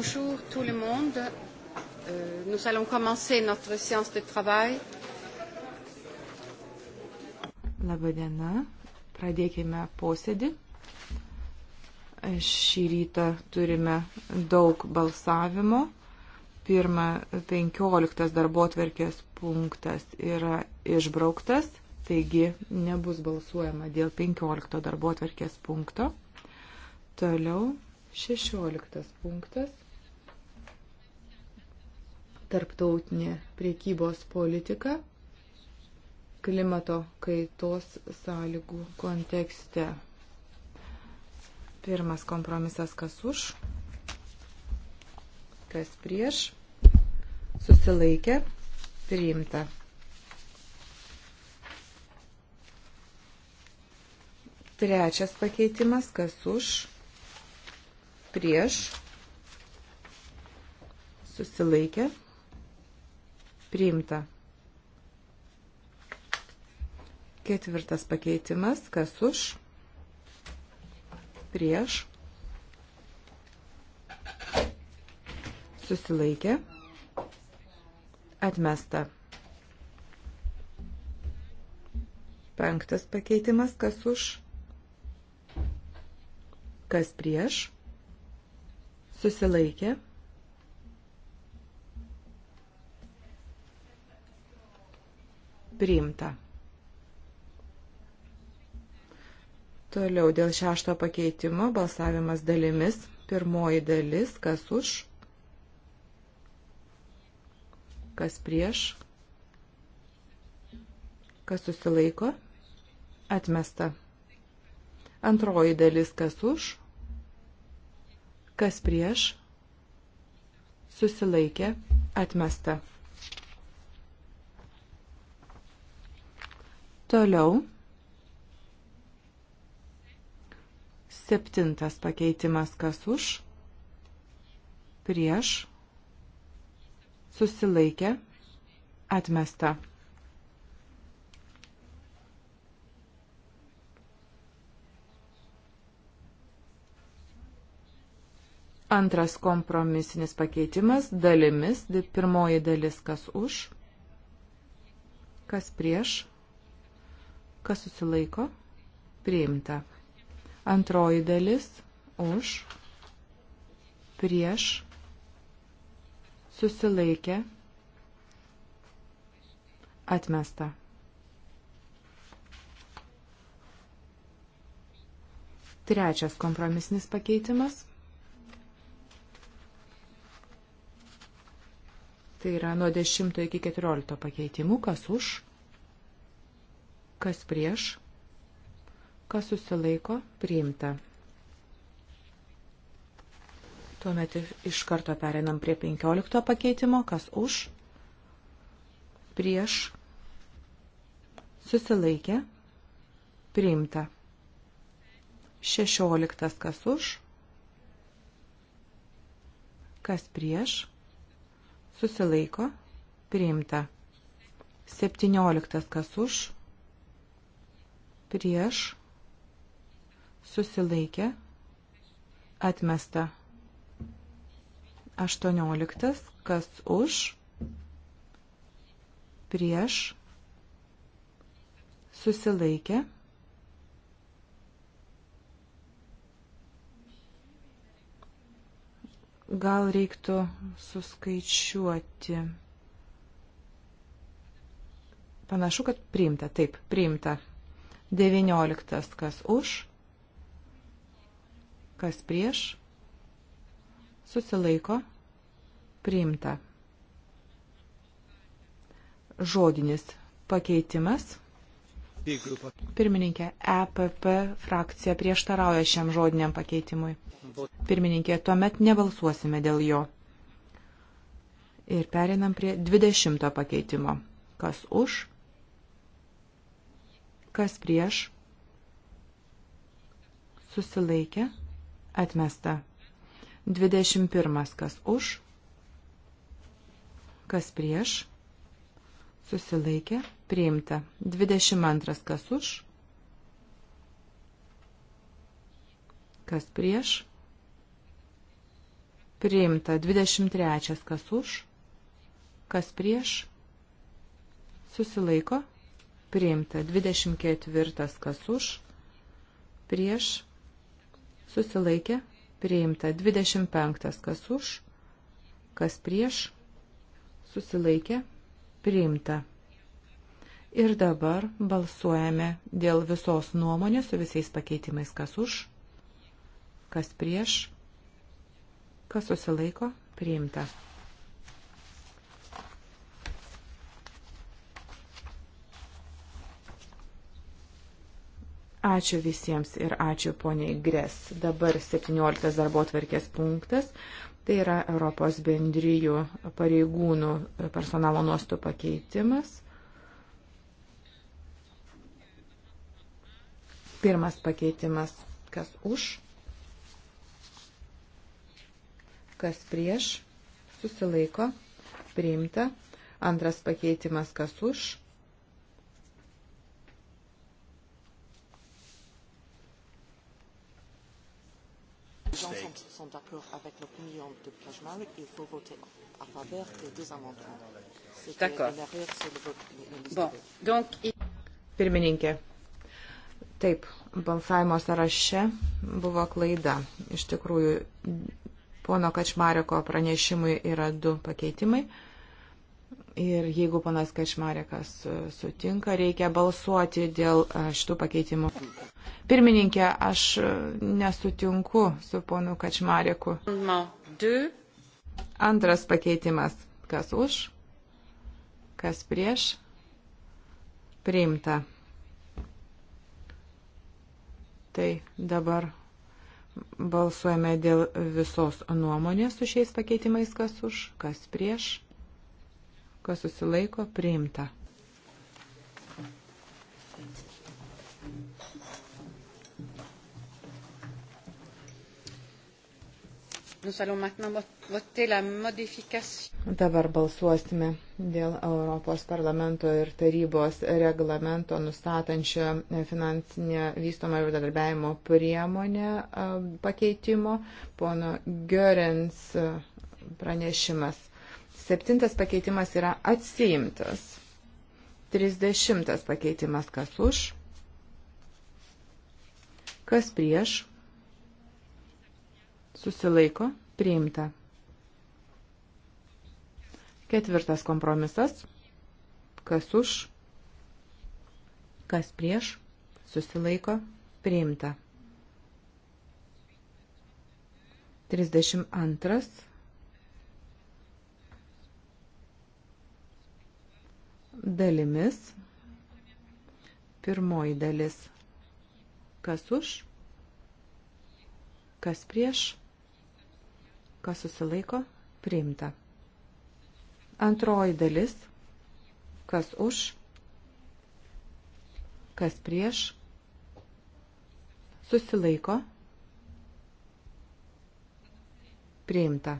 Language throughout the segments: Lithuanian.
Bonjour tout le monde. Euh, nous allons commencer notre séance de travail. Labadiena. Pradėkime posėdį. Šį rytą turime daug balsavimo. Pirma, 15 darbo tverkės punktas yra išbrauktas, taigi nebus balsuojama dėl 15 darbo tverkės punkto. Toliau 16 punktas tarptautinė priekybos politika klimato kaitos sąlygų kontekste. Pirmas kompromisas kas už, kas prieš, susilaikė, priimta. Trečias pakeitimas kas už, prieš, susilaikė, priimta Priimta. Ketvirtas pakeitimas. Kas už? Prieš. Susilaikė. Atmesta. Penktas pakeitimas, kas už, kas prieš, susilaikė, priimta. Toliau dėl šešto pakeitimo balsavimas dalimis. Pirmoji dalis, kas už, kas prieš, kas susilaiko, atmesta. Antroji dalis, kas už, kas prieš, susilaikė, atmesta. Toliau. Septintas pakeitimas kas už, prieš, susilaikė, atmesta. Antras kompromisinis pakeitimas dalimis, pirmoji dalis kas už, kas prieš, kas susilaiko, priimta. Antroji dalis už, prieš, susilaikė, atmesta. Trečias kompromisnis pakeitimas. Tai yra nuo 10 iki 14 pakeitimų, kas už, Kas prieš? Kas susilaiko? Priimta. Tuomet iš karto pereinam prie 15 pakeitimo. Kas už? Prieš? Susilaikė? Priimta. 16 kas už? Kas prieš? Susilaiko? Priimta. 17 kas už? prieš, susilaikė, atmesta. 18. Kas už, prieš, susilaikė. Gal reiktų suskaičiuoti. Panašu, kad priimta, taip, priimta. 19. Kas už, kas prieš, susilaiko, priimta. Žodinis pakeitimas. Pirmininkė, EPP frakcija prieštarauja šiam žodiniam pakeitimui. Pirmininkė, tuomet nebalsuosime dėl jo. Ir perinam prie 20 pakeitimo. Kas už, kas prieš, susilaikė, atmesta. 21. Kas už, kas prieš, susilaikė, priimta. 22. Kas už, kas prieš, priimta. 23. Kas už, kas prieš, susilaiko, priimta priimta. 24 kas už, prieš, susilaikė, priimta. 25 kas už, kas prieš, susilaikė, priimta. Ir dabar balsuojame dėl visos nuomonės su visais pakeitimais, kas už, kas prieš, kas susilaiko, priimta. Ačiū visiems ir ačiū poniai Gres. Dabar 17 darbo tvarkės punktas. Tai yra Europos bendryjų pareigūnų personalo nuostų pakeitimas. Pirmas pakeitimas, kas už, kas prieš, susilaiko, priimta. Antras pakeitimas, kas už, mistake. Les gens sont, sont d'accord avec l'opinion de Kajmarek, il faut voter en faveur des deux amendements. D'accord. Bon, donc... Pirmininkė. Taip, balsavimo sąraše buvo klaida. Iš tikrųjų, pono Kačmareko pranešimui yra du pakeitimai. Ir jeigu ponas Kačmarekas sutinka, reikia balsuoti dėl e, šitų pakeitimų. Pirmininkė, aš nesutinku su ponu Kačmareku. Antras pakeitimas. Kas už? Kas prieš? Priimta. Tai dabar balsuojame dėl visos nuomonės su šiais pakeitimais. Kas už? Kas prieš? Kas susilaiko? Priimta. Thank you. Dabar balsuosime dėl Europos parlamento ir tarybos reglamento nustatančio finansinę vystomą ir darbiavimo priemonę pakeitimo. Pono Görens pranešimas. Septintas pakeitimas yra atsiimtas. Trisdešimtas pakeitimas kas už, kas prieš susilaiko priimta. Ketvirtas kompromisas. Kas už, kas prieš, susilaiko priimta. 32. Dalimis. Pirmoji dalis. Kas už, Kas prieš? Kas susilaiko? Priimta. Antroji dalis. Kas už? Kas prieš? Susilaiko? Priimta.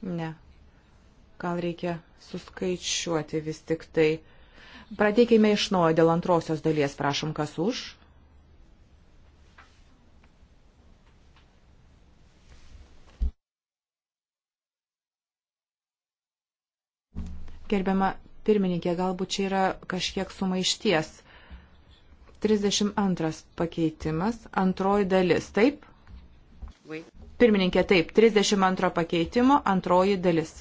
Ne. Gal reikia suskaičiuoti vis tik tai. Pradėkime iš naujo dėl antrosios dalies, prašom, kas už, Gerbiama pirmininkė, galbūt čia yra kažkiek sumaišties. 32 pakeitimas, antroji dalis, taip? Pirmininkė, taip, 32 pakeitimo, antroji dalis.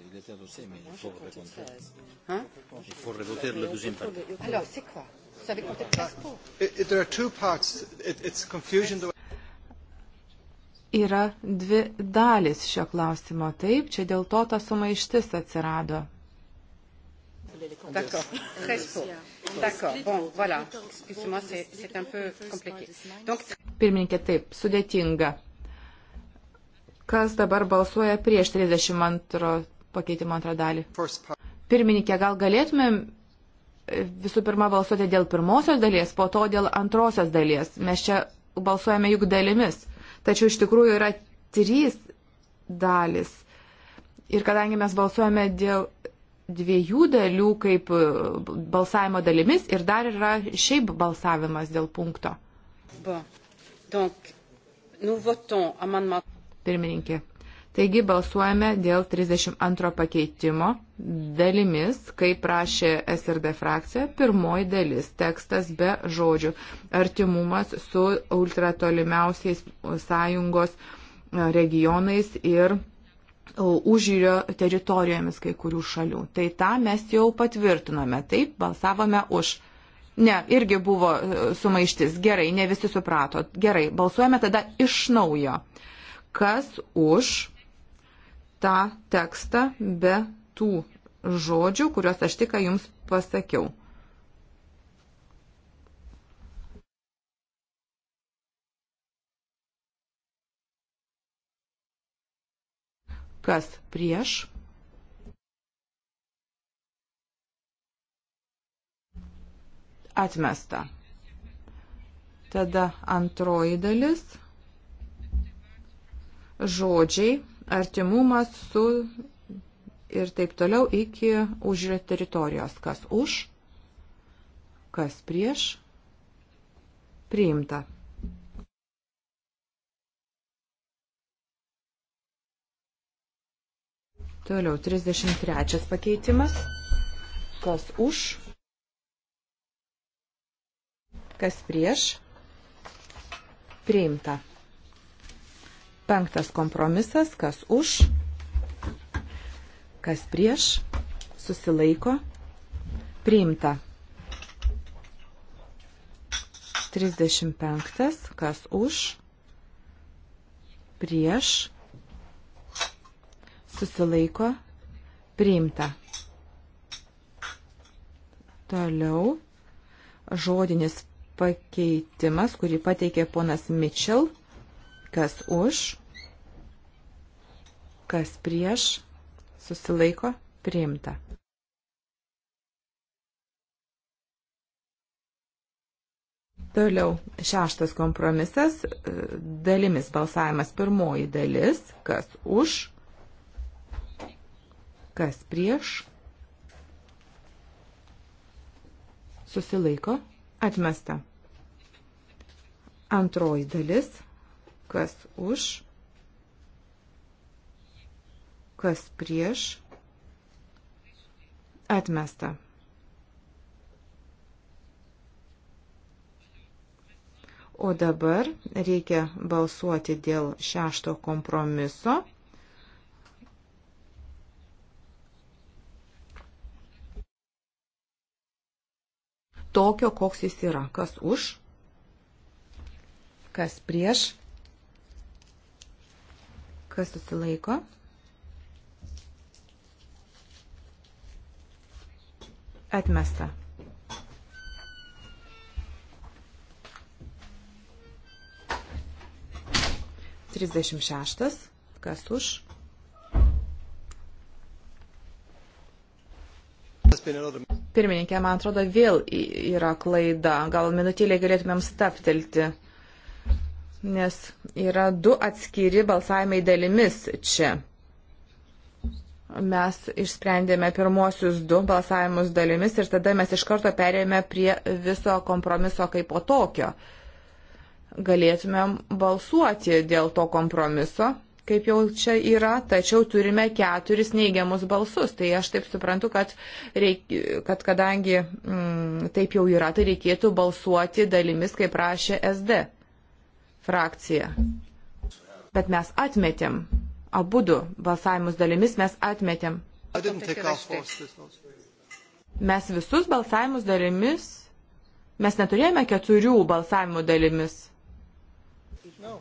il était adossé, mais il faut, il faut revoter la deuxième partie. Alors, c'est quoi Yra dvi dalis šio klausimo. Taip, čia dėl to ta sumaištis atsirado. D'accord. 13 pour. D'accord. Bon, voilà. Excusez-moi, c'est un peu compliqué. Donc... Pirmininkė, taip, sudėtinga. Kas dabar balsuoja prieš 32 pakeitimo antrą dalį? Pirmininkė, gal galėtumėm visų pirma balsuoti dėl pirmosios dalies, po to dėl antrosios dalies. Mes čia balsuojame juk dalimis. Tačiau iš tikrųjų yra trys dalis. Ir kadangi mes balsuojame dėl dviejų dalių kaip e, balsavimo dalimis ir dar yra šiaip balsavimas dėl punkto. Bon. Donc, Pirmininkė, Taigi balsuojame dėl 32 pakeitimo dalimis, kaip prašė SRD frakcija, pirmoji dalis - tekstas be žodžių - artimumas su ultratolimiausiais sąjungos e, regionais ir užjūrio teritorijomis kai kurių šalių. Tai tą mes jau patvirtinome, taip, balsavome už. Ne, irgi buvo e, sumaištis, gerai, ne visi suprato. Gerai, balsuojame tada iš naujo. Kas už tą tekstą be tų žodžių, kuriuos aš tik jums pasakiau. Kas prieš? Atmesta. Tada antroji dalis. Žodžiai artimumas su ir taip toliau iki užrio teritorijos. Kas už, kas prieš, priimta. Toliau 33 pakeitimas. Kas už, kas prieš, priimta. Penktas kompromisas, kas už, kas prieš, susilaiko, priimta. 35, kas už, prieš, susilaiko, priimta. Toliau žodinis pakeitimas, kurį pateikė ponas Mitchell, kas už, kas prieš, susilaiko, priimta. Toliau šeštas kompromisas, e, dalimis balsavimas pirmoji dalis, kas už, kas prieš, susilaiko, atmesta. Antroji dalis, kas už, kas prieš, atmesta. O dabar reikia balsuoti dėl šešto kompromiso. Tokio, koks jis yra. Kas už, kas prieš, kas susilaiko. Atmesta. Trisdešimt šeštas. Kas už? Pirmininkė, man atrodo, vėl yra klaida. Gal minutėlė galėtumėm staptelti nes yra du atskiri balsavimai dalimis čia mes išsprendėme pirmosius du balsavimus dalimis ir tada mes iš karto perėjome prie viso kompromiso kaip po tokio. Galėtumėm balsuoti dėl to kompromiso, kaip jau čia yra, tačiau turime keturis neigiamus balsus. Tai aš taip suprantu, kad, reik, kad kadangi mm, taip jau yra, tai reikėtų balsuoti dalimis, kaip prašė SD frakcija. Bet mes atmetėm abu du balsavimus dalimis mes atmetėm. Mes visus balsavimus dalimis, mes neturėjome keturių balsavimų dalimis. No.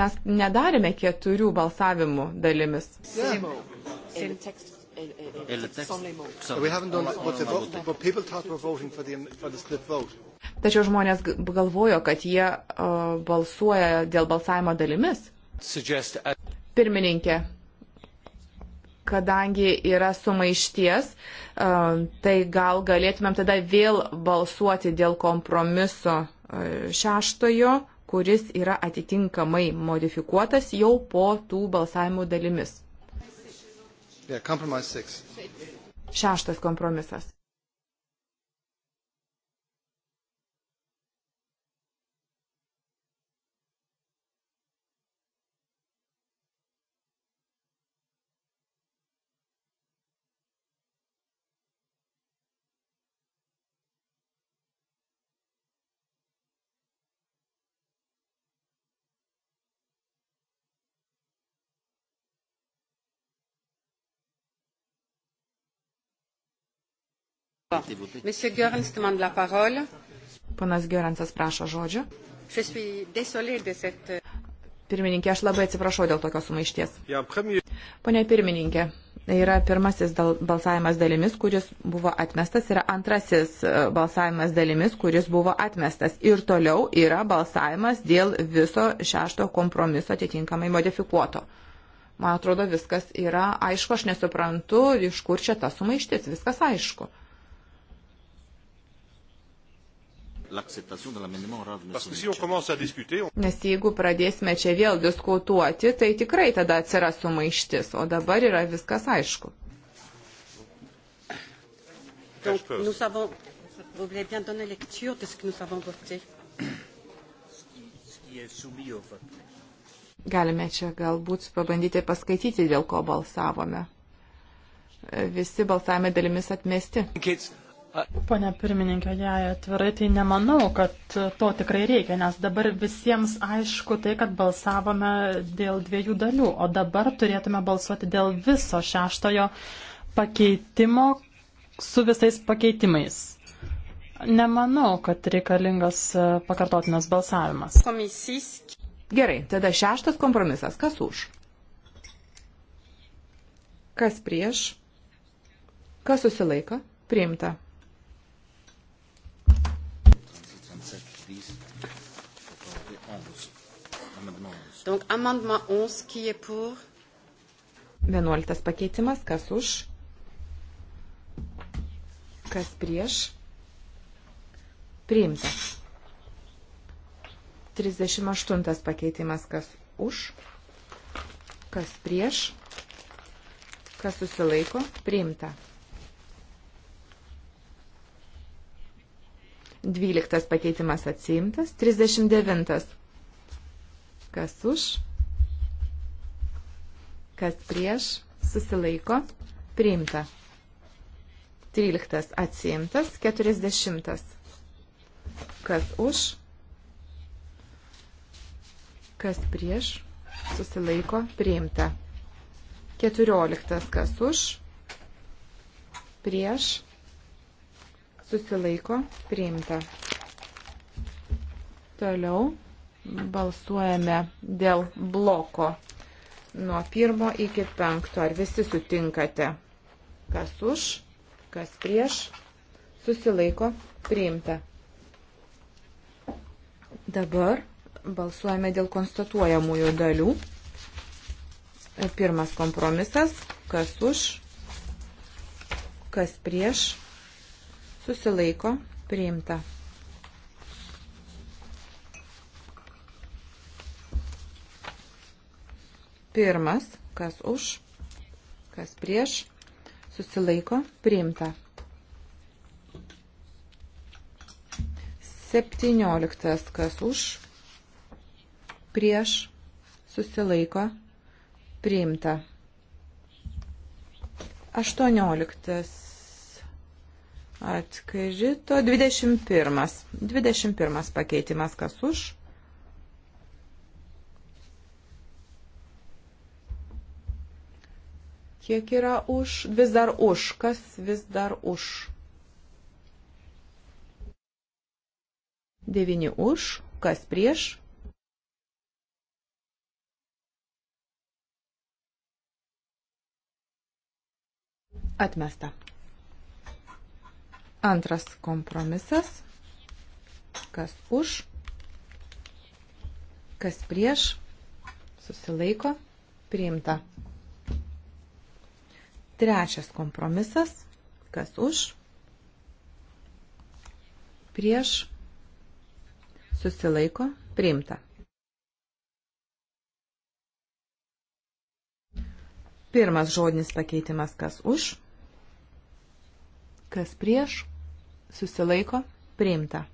Mes nedarėme keturių balsavimų dalimis. Yeah. So Tačiau žmonės galvojo, kad jie balsuoja dėl balsavimo dalimis. Pirmininkė, kadangi yra sumaišties, tai gal galėtumėm tada vėl balsuoti dėl kompromiso šeštojo, kuris yra atitinkamai modifikuotas jau po tų balsavimų dalimis. Yeah, Šeštas kompromisas. Panas Gerensas prašo žodžio. Euh, pirmininkė, aš labai atsiprašau dėl tokios sumaišties. Pone pirmininkė, tai yra pirmasis dal, balsavimas dalimis, kuris buvo atmestas, yra antrasis e, balsavimas dalimis, kuris buvo atmestas. Ir toliau yra balsavimas dėl viso šešto kompromiso atitinkamai modifikuoto. Man atrodo, viskas yra aišku, aš nesuprantu, iš kur čia ta sumaištis, viskas aišku. Nes jeigu pradėsime čia vėl diskutuoti, tai tikrai tada atsiras sumaištis, o dabar yra viskas aišku. Donc, nous avons, vous voulez bien donner lecture de ce que nous avons voté Galime čia galbūt pabandyti paskaityti, dėl ko balsavome. Visi balsavime dalimis atmesti. Kids. Pone pirmininkė, jei atvirai, tai nemanau, kad to tikrai reikia, nes dabar visiems aišku tai, kad balsavome dėl dviejų dalių, o dabar turėtume balsuoti dėl viso šeštojo pakeitimo su visais pakeitimais. Nemanau, kad reikalingas e, pakartotinas balsavimas. Komisys. Gerai, tada šeštas kompromisas. Kas už? Kas prieš? Kas susilaiko? Priimta. Donc, amendement 11, qui est pour? 11 pakeitimas, kas už? Kas prieš? Priimta. 38 pakeitimas, kas už? Kas prieš? Kas susilaiko? Priimta. 12 pakeitimas atsiimtas. 39 Kas už? Kas prieš? Susilaiko. Priimta. 13 atsiimtas, 40. Kas už? Kas prieš? Susilaiko. Priimta. 14. Kas už? Prieš? Susilaiko. Priimta. Toliau. Balsuojame dėl bloko nuo pirmo iki penkto. Ar visi sutinkate? Kas už, kas prieš, susilaiko, priimta. Dabar balsuojame dėl konstatuojamųjų dalių. Pirmas kompromisas, kas už, kas prieš, susilaiko, priimta. Pirmas, kas už, kas prieš, susilaiko, priimta. 17. Kas už, prieš, susilaiko, priimta. 18. Atkrito 21. 21 pakeitimas, kas už, Kiek yra už? Vis dar už. Kas vis dar už? 9 už. Kas prieš? Atmesta. Antras kompromisas. Kas už? Kas prieš? Susilaiko. Priimta. Trečias kompromisas. Kas už? Prieš. Susilaiko. Priimta. Pirmas žodinis pakeitimas. Kas už? Kas prieš? Susilaiko. Priimta.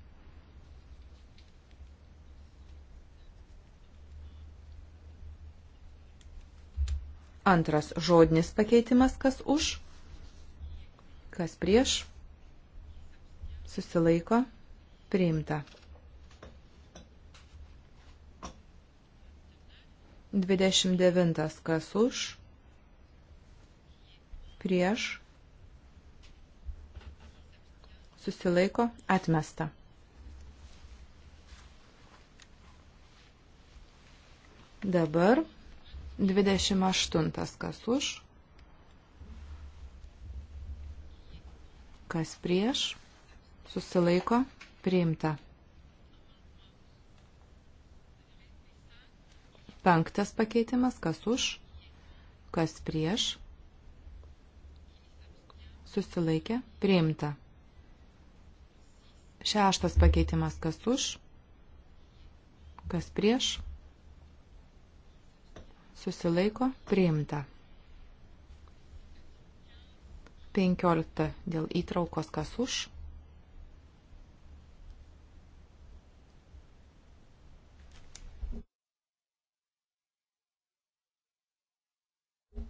Antras žodinis pakeitimas, kas už, kas prieš, susilaiko, priimta. 29. Kas už, prieš, susilaiko, atmesta. Dabar 28 kas už, kas prieš, susilaiko, priimta. Penktas pakeitimas, kas už, kas prieš, susilaikė, priimta. Šeštas pakeitimas, kas už, kas prieš, susilaiko priimta. 15 dėl įtraukos kas už.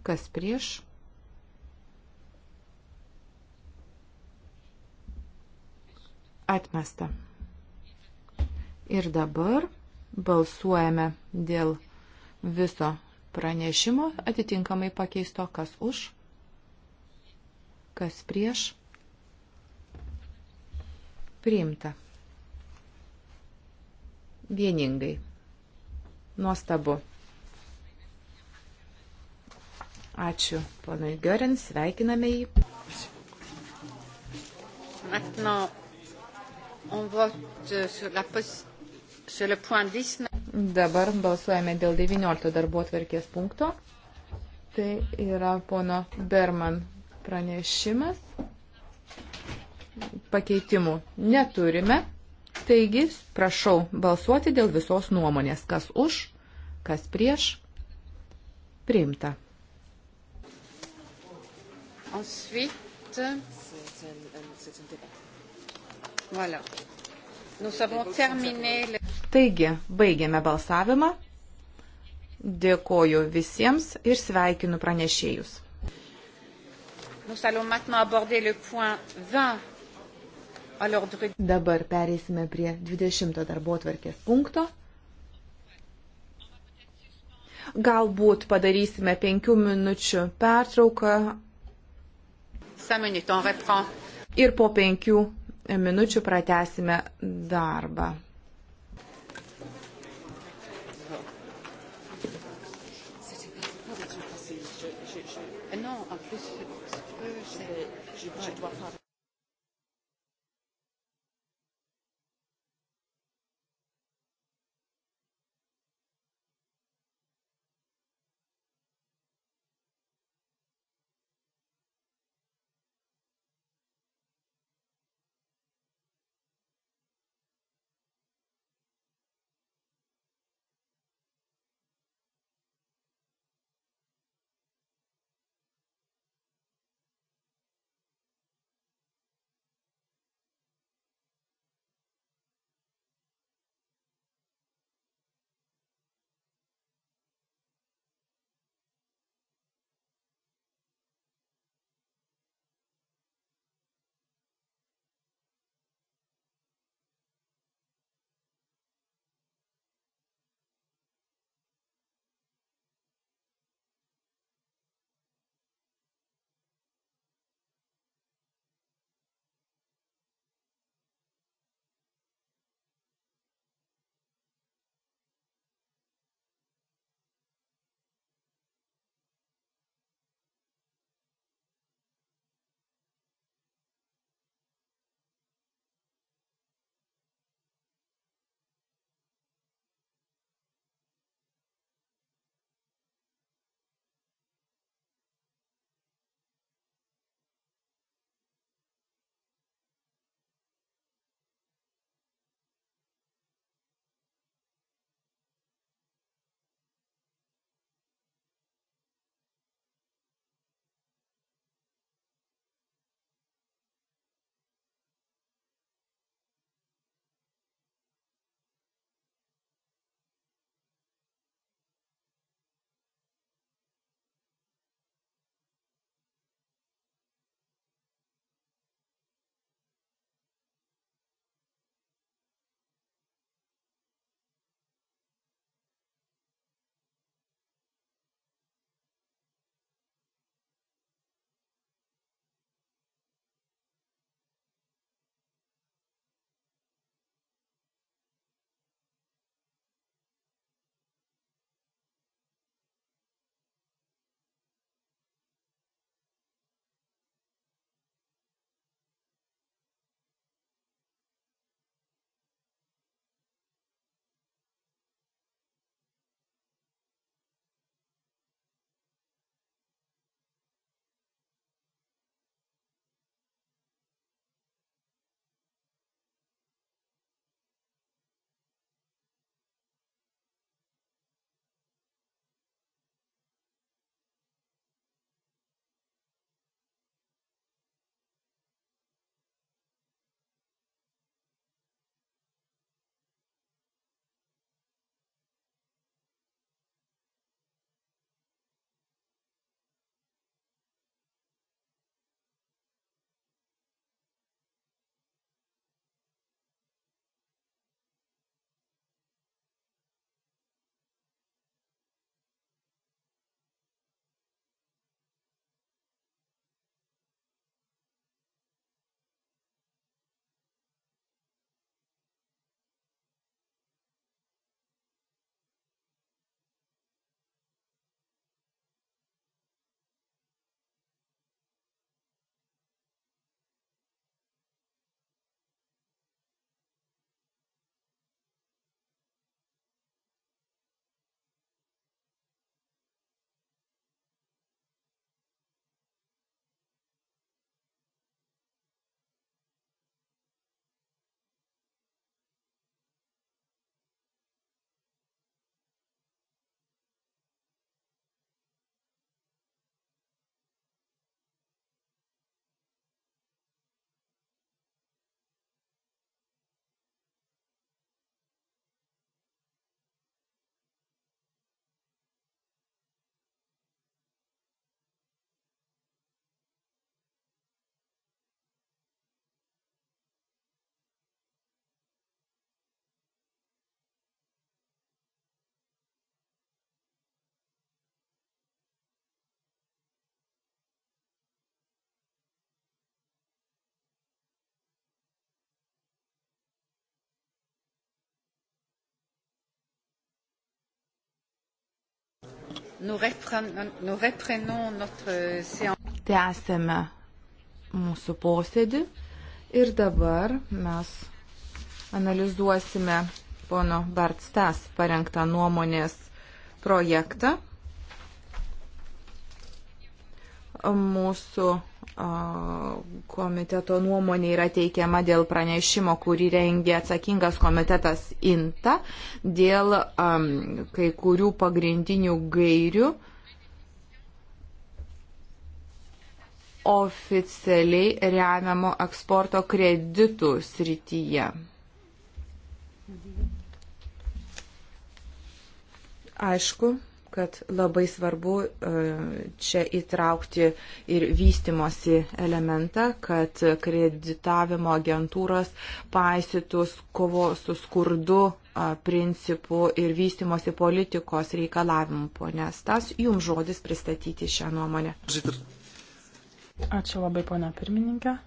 Kas prieš? Atmesta. Ir dabar balsuojame dėl viso pranešimo atitinkamai pakeisto, kas už, kas prieš. Priimta. Vieningai. Nuostabu. Ačiū, ponai Görin, sveikiname jį. Maintenant, on vote sur, la, sur le point 19. Dabar balsuojame dėl 19 darbo atverkės punkto. Tai yra pono Berman pranešimas. Pakeitimų neturime. Taigi, prašau balsuoti dėl visos nuomonės. Kas už, kas prieš. Priimta. Ensuite, voilà. Nous avons terminé le... Taigi, baigėme balsavimą. Dėkoju visiems ir sveikinu pranešėjus. Dabar pereisime prie 20 darbo tvarkės punkto. Galbūt padarysime 5 minučių pertrauką. Ir po 5 minučių pratesime darbą. wafat Tęsėme mūsų posėdį ir dabar mes analizuosime pono Bartstas parengtą nuomonės projektą. Mūsų komiteto nuomonė yra teikiama dėl pranešimo, kurį rengia atsakingas komitetas INTA, dėl um, kai kurių pagrindinių gairių oficialiai remiamo eksporto kreditų srityje. Aišku, kad labai svarbu e, čia įtraukti ir vystimosi elementą, kad kreditavimo agentūros paisytų kovo su skurdu principų ir vystimosi politikos reikalavimų. Pone Stas, jums žodis pristatyti šią nuomonę. Ačiū labai, ponia pirmininkė.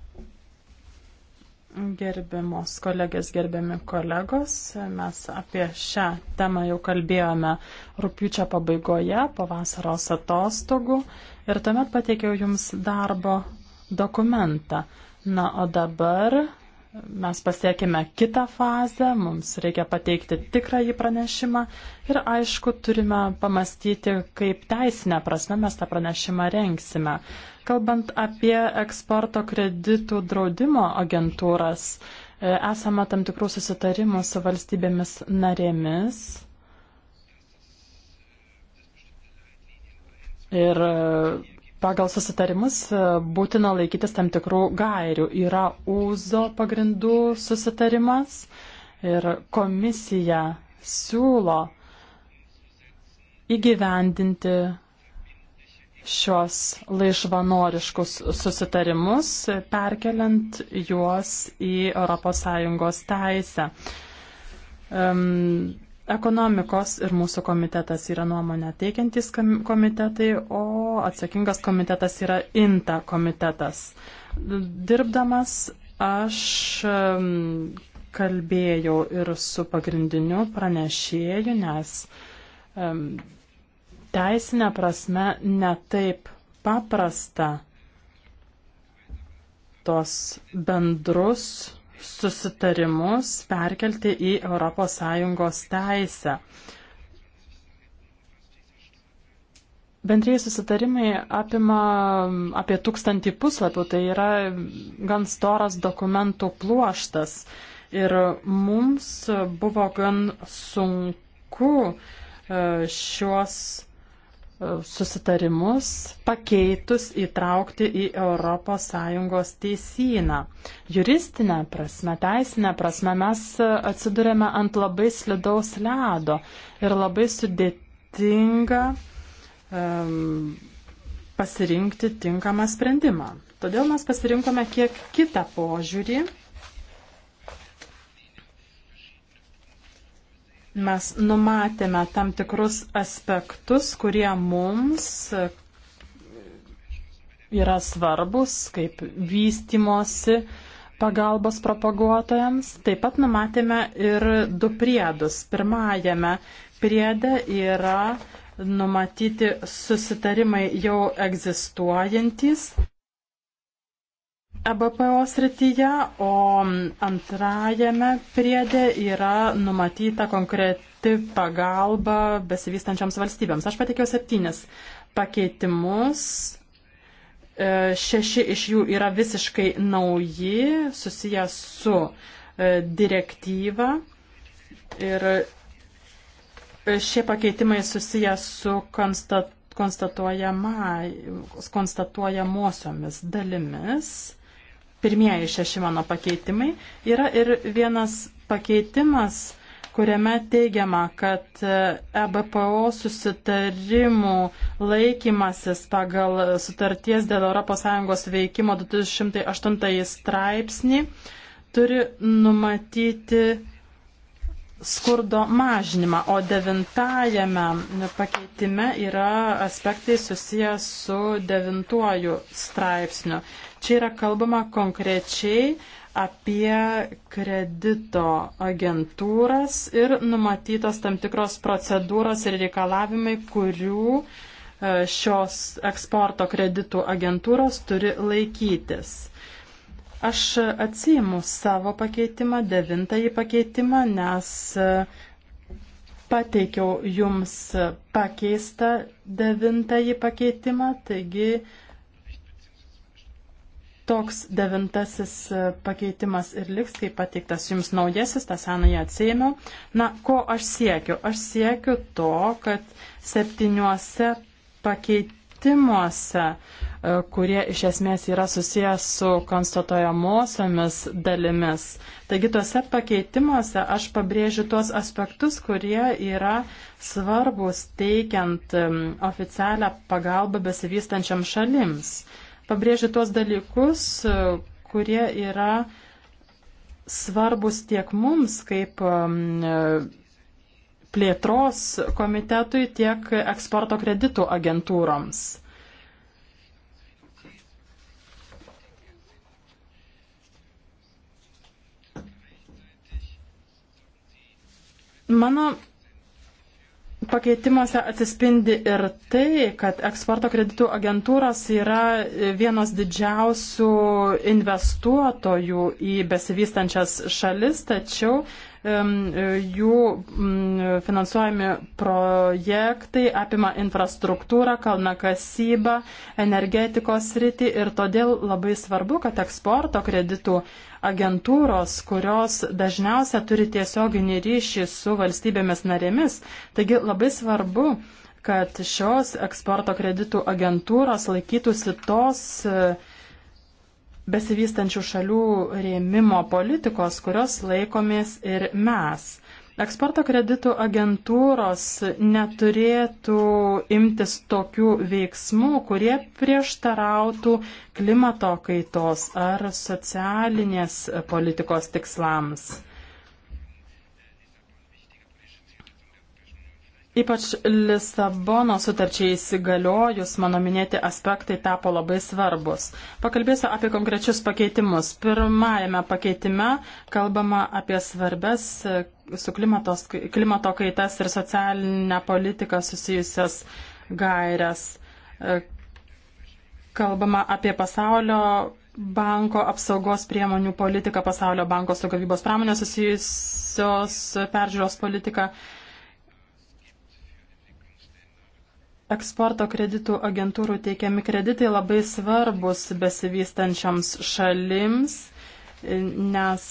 Gerbiamos kolegės, gerbiami kolegos, mes apie šią temą jau kalbėjome rūpiučio pabaigoje, po vasaros atostogų ir tuomet pateikiau jums darbo dokumentą. Na, o dabar mes pasiekime kitą fazę, mums reikia pateikti tikrąjį pranešimą ir aišku, turime pamastyti, kaip teisinę prasme mes tą pranešimą renksime. Kalbant apie eksporto kreditų draudimo agentūras, e, esame tam tikrų susitarimų su valstybėmis narėmis. Ir pagal susitarimus e, būtina laikytis tam tikrų gairių. Yra UZO pagrindų susitarimas ir komisija siūlo įgyvendinti šios laišvanoriškus susitarimus, perkeliant juos į ES teisę. Um, Ekonomikos ir mūsų komitetas yra nuomonę teikiantys komitetai, o atsakingas komitetas yra INTA komitetas. Dirbdamas aš kalbėjau ir su pagrindiniu pranešėju, nes teisinė prasme netaip paprasta tos bendrus susitarimus perkelti į ES teisę. Bendrėjai susitarimai apima apie tūkstantį puslapių, tai yra gan storas dokumentų pluoštas. Ir mums buvo gan sunku e, šiuos susitarimus pakeitus įtraukti į ES teisyną. Juristinė prasme, teisinė prasme mes atsidurėme ant labai slidaus ledo ir labai sudėtinga um, pasirinkti tinkamą sprendimą. Todėl mes pasirinkome kiek kitą požiūrį mes numatėme tam tikrus aspektus, kurie mums yra svarbus, kaip vystimosi pagalbos propaguotojams. Taip pat numatėme ir du priedus. Pirmajame priede yra numatyti susitarimai jau egzistuojantis EBPO srityje, o antrajame priedė yra numatyta konkreti pagalba besivystančioms valstybėms. Aš pateikiau septynis pakeitimus. E, šeši iš jų yra visiškai nauji, susijęs su e, direktyva. Ir e, šie pakeitimai susijęs su konstatuojamosiomis dalimis pirmieji šeši mano pakeitimai. Yra ir vienas pakeitimas, kuriame teigiama, kad EBPO e susitarimų laikymasis pagal sutarties dėl ES veikimo 208 straipsnį turi numatyti skurdo mažinimą, o devintajame pakeitime yra aspektai susijęs su devintuoju straipsniu. Čia yra kalbama konkrečiai apie kredito agentūras ir numatytos tam tikros procedūros ir reikalavimai, kurių e, šios eksporto kreditų agentūros turi laikytis. Aš atsijimu savo pakeitimą, devintąjį pakeitimą, nes e, pateikiau jums pakeistą devintąjį pakeitimą, taigi Toks devintasis e, pakeitimas ir liks, kaip pateiktas jums naujasis, tą senąją atsėmiau. Na, ko aš siekiu? Aš siekiu to, kad septyniuose pakeitimuose, e, kurie iš esmės yra susijęs su konstatuojamosiomis dalimis, taigi tuose pakeitimuose aš pabrėžiu tuos aspektus, kurie yra svarbus teikiant oficialią pagalbą besivystančiam šalims pabrėžiu tuos dalykus, kurie yra svarbus tiek mums kaip um, plėtros komitetui, tiek eksporto kreditų agentūroms. Mano Pakeitimuose atsispindi ir tai, kad eksporto kreditų agentūros yra vienos didžiausių investuotojų į besivystančias šalis, tačiau E, jų finansuojami projektai apima infrastruktūrą, kalnakasybą, energetikos rytį ir todėl labai svarbu, kad eksporto kreditų agentūros, kurios dažniausia turi tiesioginį ryšį su valstybėmis narėmis, taigi labai svarbu, kad šios eksporto kreditų agentūros laikytųsi tos uh, besivystančių šalių rėmimo politikos, kurios laikomės ir mes. Eksporto kreditų agentūros neturėtų imtis tokių veiksmų, kurie prieštarautų klimato kaitos ar socialinės politikos tikslams. Ypač Lisabono sutarčiai įsigaliojus, mano minėti aspektai tapo labai svarbus. Pakalbėsiu apie konkrečius pakeitimus. Pirmajame pakeitime kalbama apie svarbes e, su klimatos, klimato kaitas ir socialinę politiką susijusias gairias. E, kalbama apie pasaulio banko apsaugos priemonių politiką, pasaulio banko su gavybos pramonė susijusios peržiūros politiką. Eksporto kreditų agentūrų teikiami kreditai labai svarbus besivystančiams šalims, nes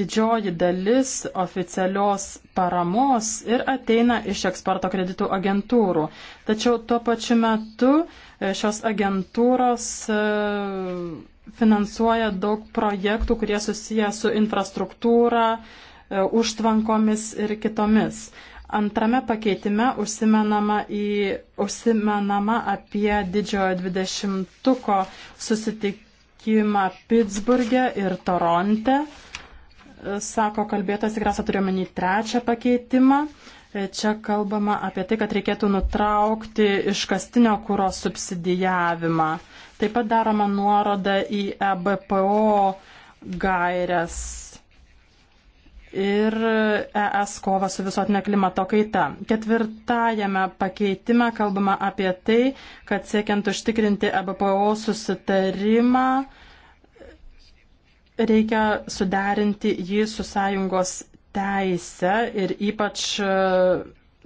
didžioji dalis oficialios paramos ir ateina iš eksporto kreditų agentūrų. Tačiau tuo pačiu metu e, šios agentūros e, finansuoja daug projektų, kurie susiję su infrastruktūra, e, užtvankomis ir kitomis. Antrame pakeitime užsimenama, į, užsimenama apie didžiojo dvidešimtuko susitikimą Pittsburgė ir Toronte. Sako kalbėtas, tikriausiai turiu menį trečią pakeitimą. Čia kalbama apie tai, kad reikėtų nutraukti iškastinio kūro subsidijavimą. Taip pat daroma nuoroda į EBPO gairias ir ES kovą su visuotinė klimato kaita. Ketvirtajame pakeitime kalbama apie tai, kad siekiant užtikrinti ABPO e susitarimą, reikia suderinti jį su sąjungos teise ir ypač e,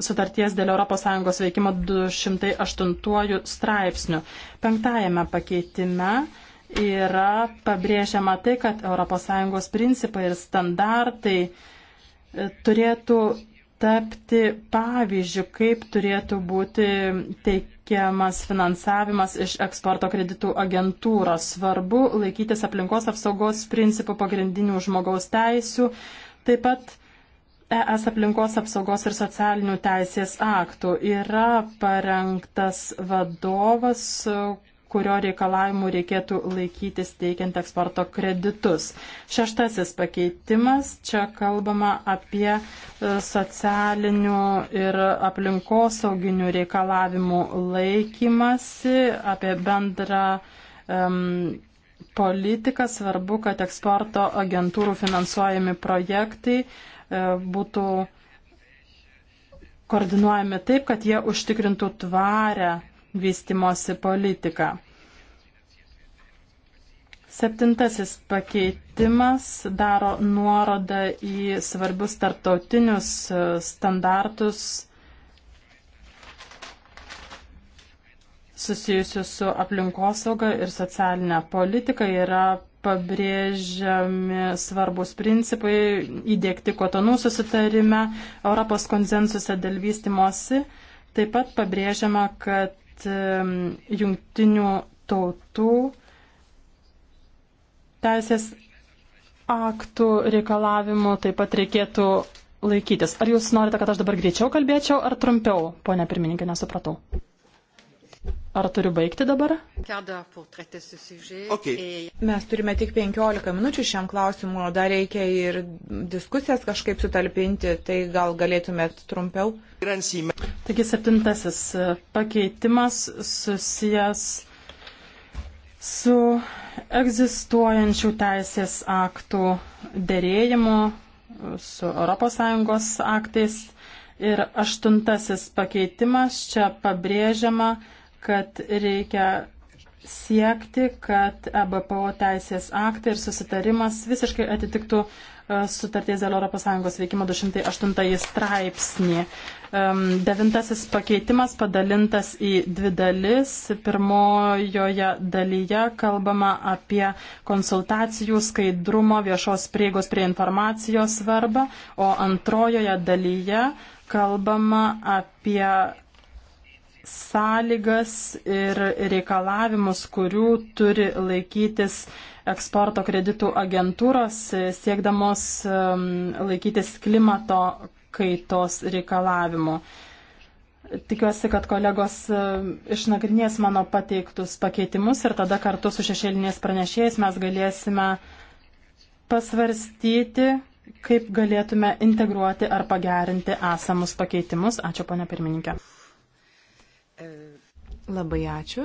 sutarties dėl ES veikimo 208 straipsnių. Penktajame pakeitime yra pabrėžiama tai, kad ES principai ir standartai e, turėtų tapti pavyzdžių, kaip turėtų būti teikiamas finansavimas iš eksporto kreditų agentūros. Svarbu laikytis aplinkos apsaugos principų pagrindinių žmogaus teisių, taip pat ES aplinkos apsaugos ir socialinių teisės aktų. Yra parengtas vadovas, kurio reikalavimų reikėtų laikytis teikiant eksporto kreditus. Šeštasis pakeitimas, čia kalbama apie e, socialinių ir aplinkosauginių reikalavimų laikymasi, apie bendrą um, politiką. Svarbu, kad eksporto agentūrų finansuojami projektai um, būtų koordinuojami taip, kad jie užtikrintų tvarę vystimosi politiką. Septintasis pakeitimas daro nuorodą į svarbius tarptautinius e, standartus susijusius su aplinkosauga ir socialinė politika. Yra pabrėžiami svarbus principai įdėkti kotonų susitarime, Europos konsensuse dėl vystimosi. Taip pat pabrėžiama, kad jungtinių tautų teisės aktų reikalavimų taip pat reikėtų laikytis. Ar jūs norite, kad aš dabar greičiau kalbėčiau ar trumpiau, ponia pirmininkė, nesupratau. Ar turiu baigti dabar? Okay. Mes turime tik 15 minučių šiam klausimui, o dar reikia ir diskusijas kažkaip sutalpinti, tai gal galėtumėt trumpiau. Taigi septintasis e, pakeitimas susijęs su egzistuojančių teisės aktų dėrėjimu, su ES aktais. Ir aštuntasis pakeitimas čia pabrėžiama, kad reikia siekti, kad EBPO teisės aktai ir susitarimas visiškai atitiktų e, sutarties dėl ES veikimo 208 straipsnį. Devintasis pakeitimas padalintas į dvi dalis. Pirmojoje dalyje kalbama apie konsultacijų skaidrumo viešos prieigos prie informacijos svarbą, o antrojoje dalyje kalbama apie sąlygas ir reikalavimus, kurių turi laikytis eksporto kreditų agentūros, e, siekdamos laikytis klimato kaitos reikalavimų. Tikiuosi, kad kolegos e, išnagrinės mano pateiktus pakeitimus ir tada kartu su šešėlinės pranešėjais mes galėsime pasvarstyti, kaip galėtume integruoti ar pagerinti esamus pakeitimus. Ačiū, ponia pirmininkė. Labai ačiū.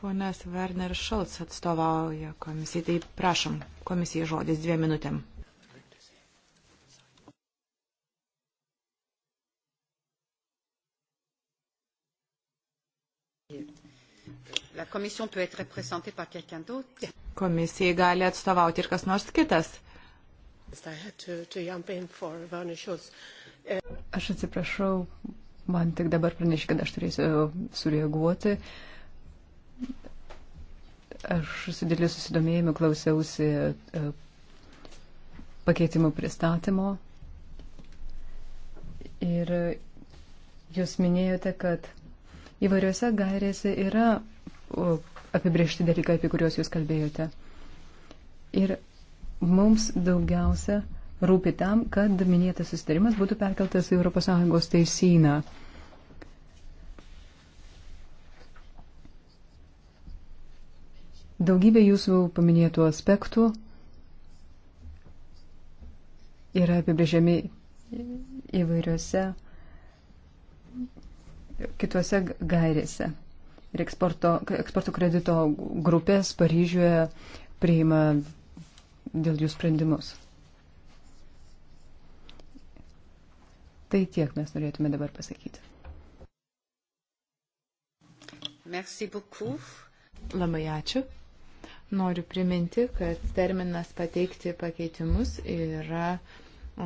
Ponas Werner Šalts atstovauja komisijai, tai prašom komisijai žodis dviem minutėm. Komisijai gali atstovauti ir kas nors kitas. Uh, aš atsiprašau, man tik dabar pranešė, kad aš turėsiu uh, sureaguoti. Aš su dideliu susidomėjimu klausiausi uh, pakeitimų pristatymo. Ir jūs minėjote, kad įvairiuose gairėse yra apibriežti dalykai, apie kuriuos jūs kalbėjote. Ir mums daugiausia rūpi tam, kad minėtas susitarimas būtų perkeltas į ES teisyną. Daugybė jūsų paminėtų aspektų yra apibrėžiami įvairiuose kitose gairėse. Ir eksporto, eksporto kredito grupės Paryžiuje priima dėl jų sprendimus. Tai tiek mes norėtume dabar pasakyti. Merci beaucoup. Labai ačiū. Noriu priminti, kad terminas pateikti pakeitimus yra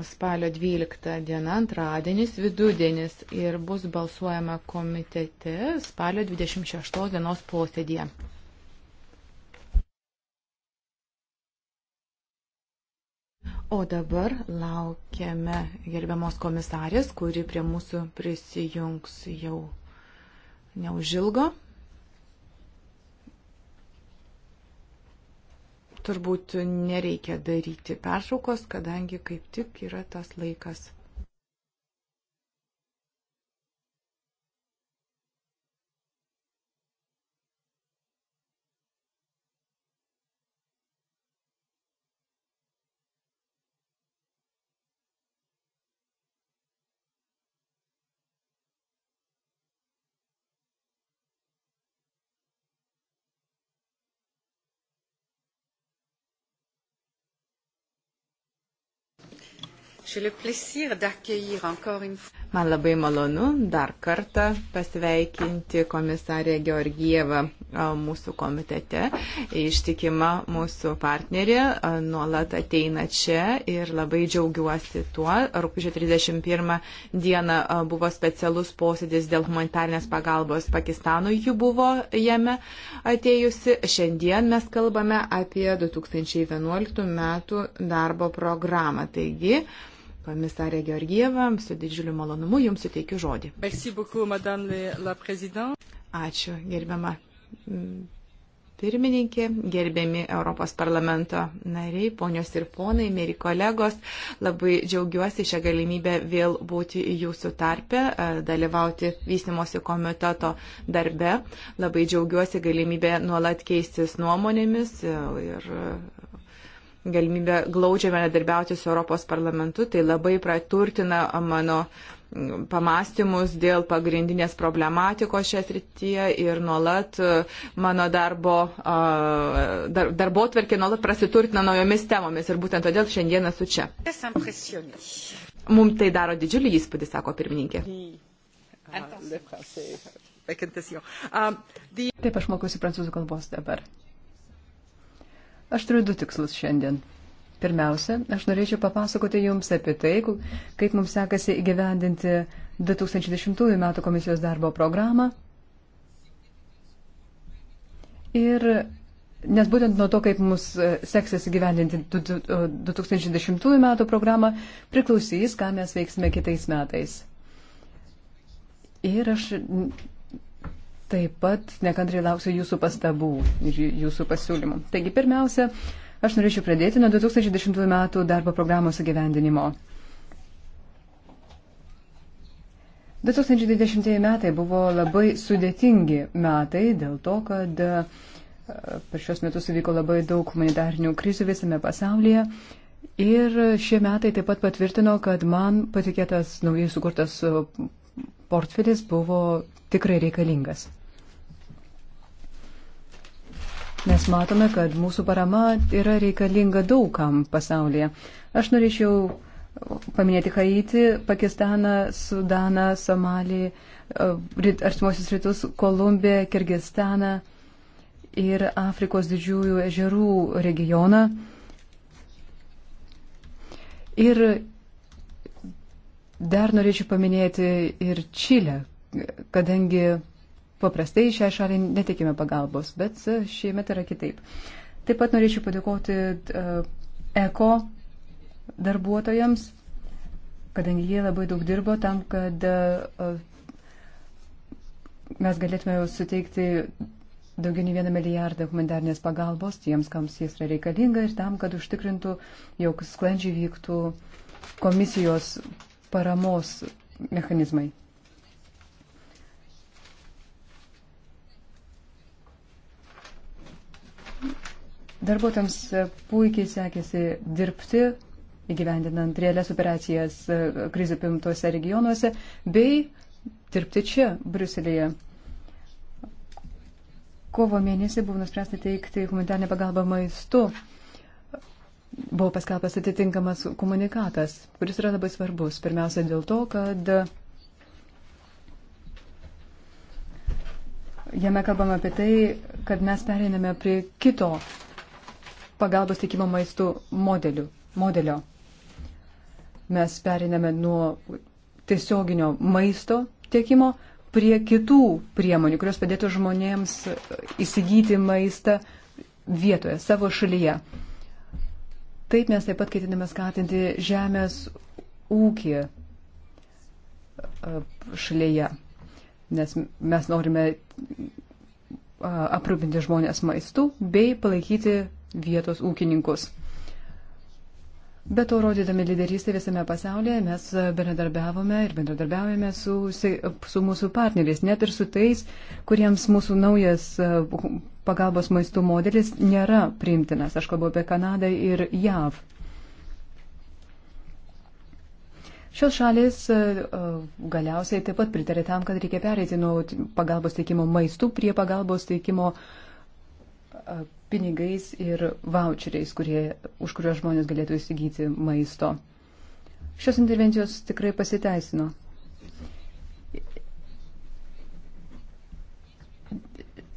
spalio 12 diena, antradienis, vidudienis ir bus balsuojama komitete spalio 26 dienos posėdėje. O dabar laukiame gerbiamos komisarės, kuri prie mūsų prisijungs jau neužilgo. Turbūt nereikia daryti peršaukos, kadangi kaip tik yra tas laikas Man labai malonu dar kartą pasveikinti komisarę Georgievą mūsų komitete, ištikima mūsų partnerė, nuolat ateina čia ir labai džiaugiuosi tuo. Rūpiučio 31 dieną buvo specialus posėdis dėl humanitarnės pagalbos Pakistanui, jų buvo jame atėjusi. Šiandien mes kalbame apie 2011 metų darbo programą. Taigi, Komisarė Georgieva, su didžiuliu malonumu jums suteikiu žodį. Ačiū, gerbiama pirmininkė, gerbiami Europos parlamento nariai, ponios ir ponai, mėly kolegos, labai džiaugiuosi šią galimybę vėl būti jūsų tarpe, e, dalyvauti vystimosi komiteto darbe. Labai džiaugiuosi galimybę nuolat keistis nuomonėmis e, ir galimybę glaudžiai bendradarbiauti su Europos parlamentu, tai labai praturtina mano pamastymus dėl pagrindinės problematikos šią srityje ir nuolat e, mano darbo, dar, darbo tvarkė nuolat prasiturtina naujomis temomis ir būtent todėl šiandien esu čia. Mums tai daro didžiulį įspūdį, sako pirmininkė. Ah, ah, ah, Taip, aš mokiausi prancūzų kalbos dabar. Aš turiu du tikslus šiandien. Pirmiausia, aš norėčiau papasakoti Jums apie tai, kaip mums sekasi įgyvendinti 2010 m. komisijos darbo programą. Ir nes būtent nuo to, kaip mums e, seksis įgyvendinti 2010 e, m. programą, priklausys, ką mes veiksime kitais metais. Ir aš Taip pat nekantrai lauksiu jūsų pastabų ir jūsų pasiūlymų. Taigi, pirmiausia, aš norėčiau pradėti nuo 2010 metų darbo programos įgyvendinimo. 2020 metai buvo labai sudėtingi metai dėl to, kad e, per šios metus įvyko labai daug humanitarnių krizių visame pasaulyje. Ir šie metai taip pat patvirtino, kad man patikėtas naujai sukurtas portfelis buvo tikrai reikalingas. Mes matome, kad mūsų parama yra reikalinga daugam pasaulyje. Aš norėčiau paminėti Haiti, Pakistaną, Sudaną, Somalį, e, Artimuosius rytus, Kolumbiją, Kirgistaną ir Afrikos didžiųjų ežerų regioną. Ir dar norėčiau paminėti ir Čilę, kadangi Paprastai šią šalį netikime pagalbos, bet šiemet yra kitaip. Taip pat norėčiau padėkoti ECO darbuotojams, kadangi jie labai daug dirbo tam, kad e, mes galėtume suteikti daugiau nei vieną milijardą humanitarnės pagalbos tiems, kams jis yra reikalinga ir tam, kad užtikrintų, jog sklandžiai vyktų komisijos paramos mechanizmai. Darbuotams puikiai sekėsi dirbti, įgyvendinant realias operacijas e, krizių pimtuose regionuose, bei dirbti čia, Bruselėje. Kovo mėnesį buvo nuspręsta teikti humanitarinę pagalbą maistu. Buvo paskelbtas atitinkamas komunikatas, kuris yra labai svarbus. Pirmiausia dėl to, kad jame kalbama apie tai, kad mes pereiname prie kito pagalbos teikimo maistų modelių, modelio. Mes periname nuo tiesioginio maisto tiekimo prie kitų priemonių, kurios padėtų žmonėms įsigyti maistą vietoje, savo šalyje. Taip mes taip pat ketiname skatinti žemės ūkį e, šalyje, nes mes norime aprūpinti žmonės maistu bei palaikyti vietos ūkininkus. Be to, rodydami lyderystę visame pasaulyje, mes bendradarbiavome ir bendradarbiavome su, su mūsų partneriais, net ir su tais, kuriems mūsų naujas pagalbos maistų modelis nėra priimtinas. Aš kalbu apie Kanadą ir JAV. Šios šalis e, e, galiausiai taip pat pritarė tam, kad reikia pereiti nuo pagalbos teikimo maistų prie pagalbos teikimo e, pinigais ir voucheriais, kurie, už kuriuos žmonės galėtų įsigyti maisto. Šios intervencijos tikrai pasiteisino.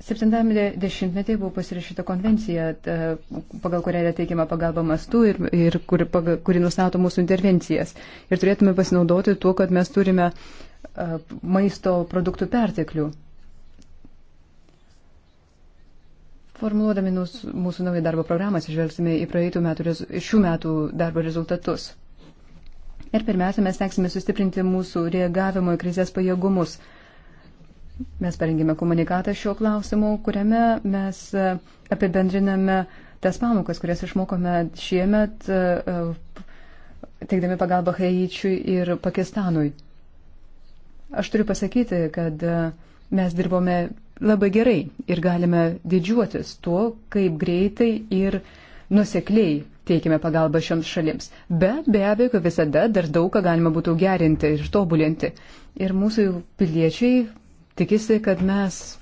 70-metį buvo pasirašyta konvencija, pagal kurią yra teikiama pagalba mastu ir, ir kuri, pagal, kuri nustato mūsų intervencijas. Ir turėtume pasinaudoti tuo, kad mes turime maisto produktų perteklių. Formuluodami mūsų naują darbo programą, atsižvelgsime į praeitų metų, šių metų darbo rezultatus. Ir pirmiausia, mes tenksime sustiprinti mūsų reagavimo į krizės pajėgumus. Mes parengėme komunikatą šiuo klausimu, kuriame mes apibendriname tas pamokas, kurias išmokome šiemet, e, teikdami pagalbą Haičiui ir Pakistanui. Aš turiu pasakyti, kad e, mes dirbome labai gerai ir galime didžiuotis tuo, kaip greitai ir nusekliai teikime pagalbą šioms šalims. Bet be abejo, kad visada dar daug ką galima būtų gerinti ir tobulinti. Ir mūsų piliečiai tikisi, kad mes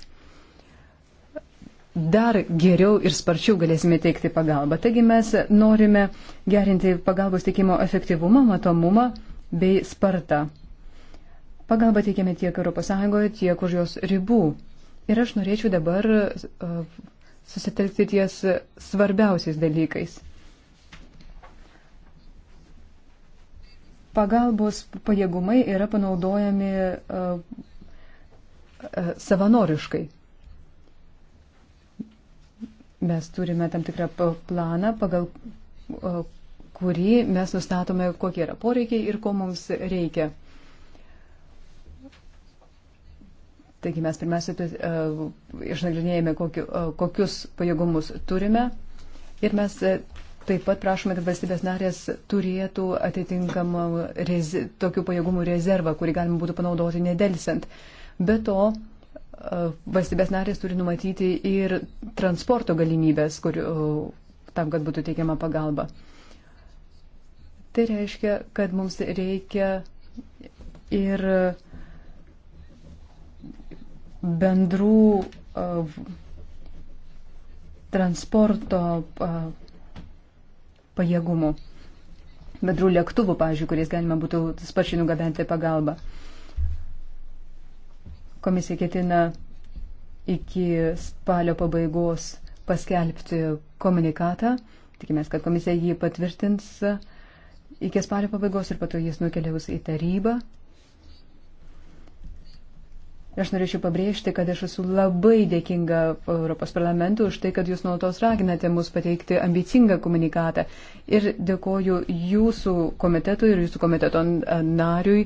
dar geriau ir sparčiau galėsime teikti pagalbą. Taigi mes norime gerinti pagalbos teikimo efektyvumą, matomumą bei spartą. Pagalbą teikiame tiek ES, tiek už jos ribų. Ir aš norėčiau dabar e, susitelkti ties svarbiausiais dalykais. Pagalbos pajėgumai yra panaudojami e, E, savanoriškai. Mes turime tam tikrą planą, pagal e, kurį mes nustatome, kokie yra poreikiai ir ko mums reikia. Taigi mes pirmiausia uh, išnagrinėjame, kokiu, uh, kokius pajėgumus turime ir mes taip pat prašome, kad valstybės narės turėtų atitinkamą rezi, tokių pajėgumų rezervą, kurį galima būtų panaudoti nedelsiant. Uh, Be to, e, valstybės narės turi numatyti ir transporto galimybės, kur, e, tam, kad būtų teikiama pagalba. Tai reiškia, kad mums reikia ir bendrų uh, transporto uh, pajėgumų, bendrų lėktuvų, pavyzdžiui, kuriais galima būtų sparčiai nugabenti pagalbą. Uh, Komisija ketina iki spalio pabaigos paskelbti komunikatą. Tikimės, kad komisija jį patvirtins iki spalio pabaigos ir pato jis nukeliaus į tarybą. Aš norėčiau pabrėžti, kad aš esu labai dėkinga Europos parlamentui už tai, kad jūs nuolatos raginate mus pateikti ambicingą komunikatą. Ir dėkoju jūsų komitetui ir jūsų komiteto nariui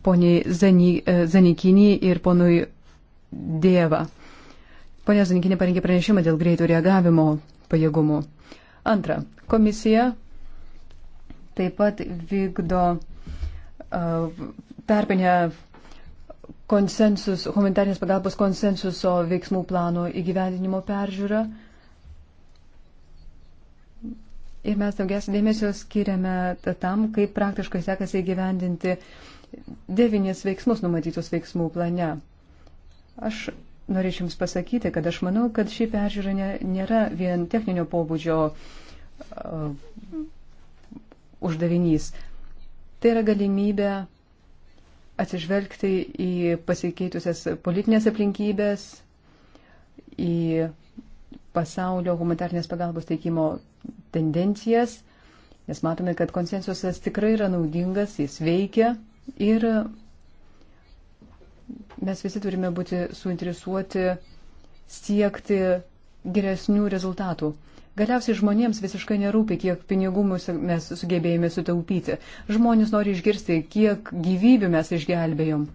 poniai Zanikinį e, ir ponui Dievą. Pone Zanikinė parengė pranešimą dėl greito reagavimo pajėgumų. Antra, komisija taip pat vykdo uh, e, tarpinę konsensus, humanitarnės pagalbos konsensuso veiksmų plano įgyvendinimo peržiūrą. Ir mes daugiausia dėmesio skiriame tam, kaip praktiškai sekasi įgyvendinti uh, devynis veiksmus numatytus veiksmų plane. Aš norėčiau Jums pasakyti, kad aš manau, kad šį peržiūrą nėra vien techninio pobūdžio uh, uždavinys. Tai yra galimybė atsižvelgti į pasikeitusias politinės aplinkybės, į pasaulio humanitarnės pagalbos teikimo tendencijas, nes matome, kad konsensusas tikrai yra naudingas, jis veikia Ir mes visi turime būti suinteresuoti siekti geresnių rezultatų. Galiausiai žmonėms visiškai nerūpi, kiek pinigų mes sugebėjome sutaupyti. Žmonės nori išgirsti, kiek gyvybių mes išgelbėjom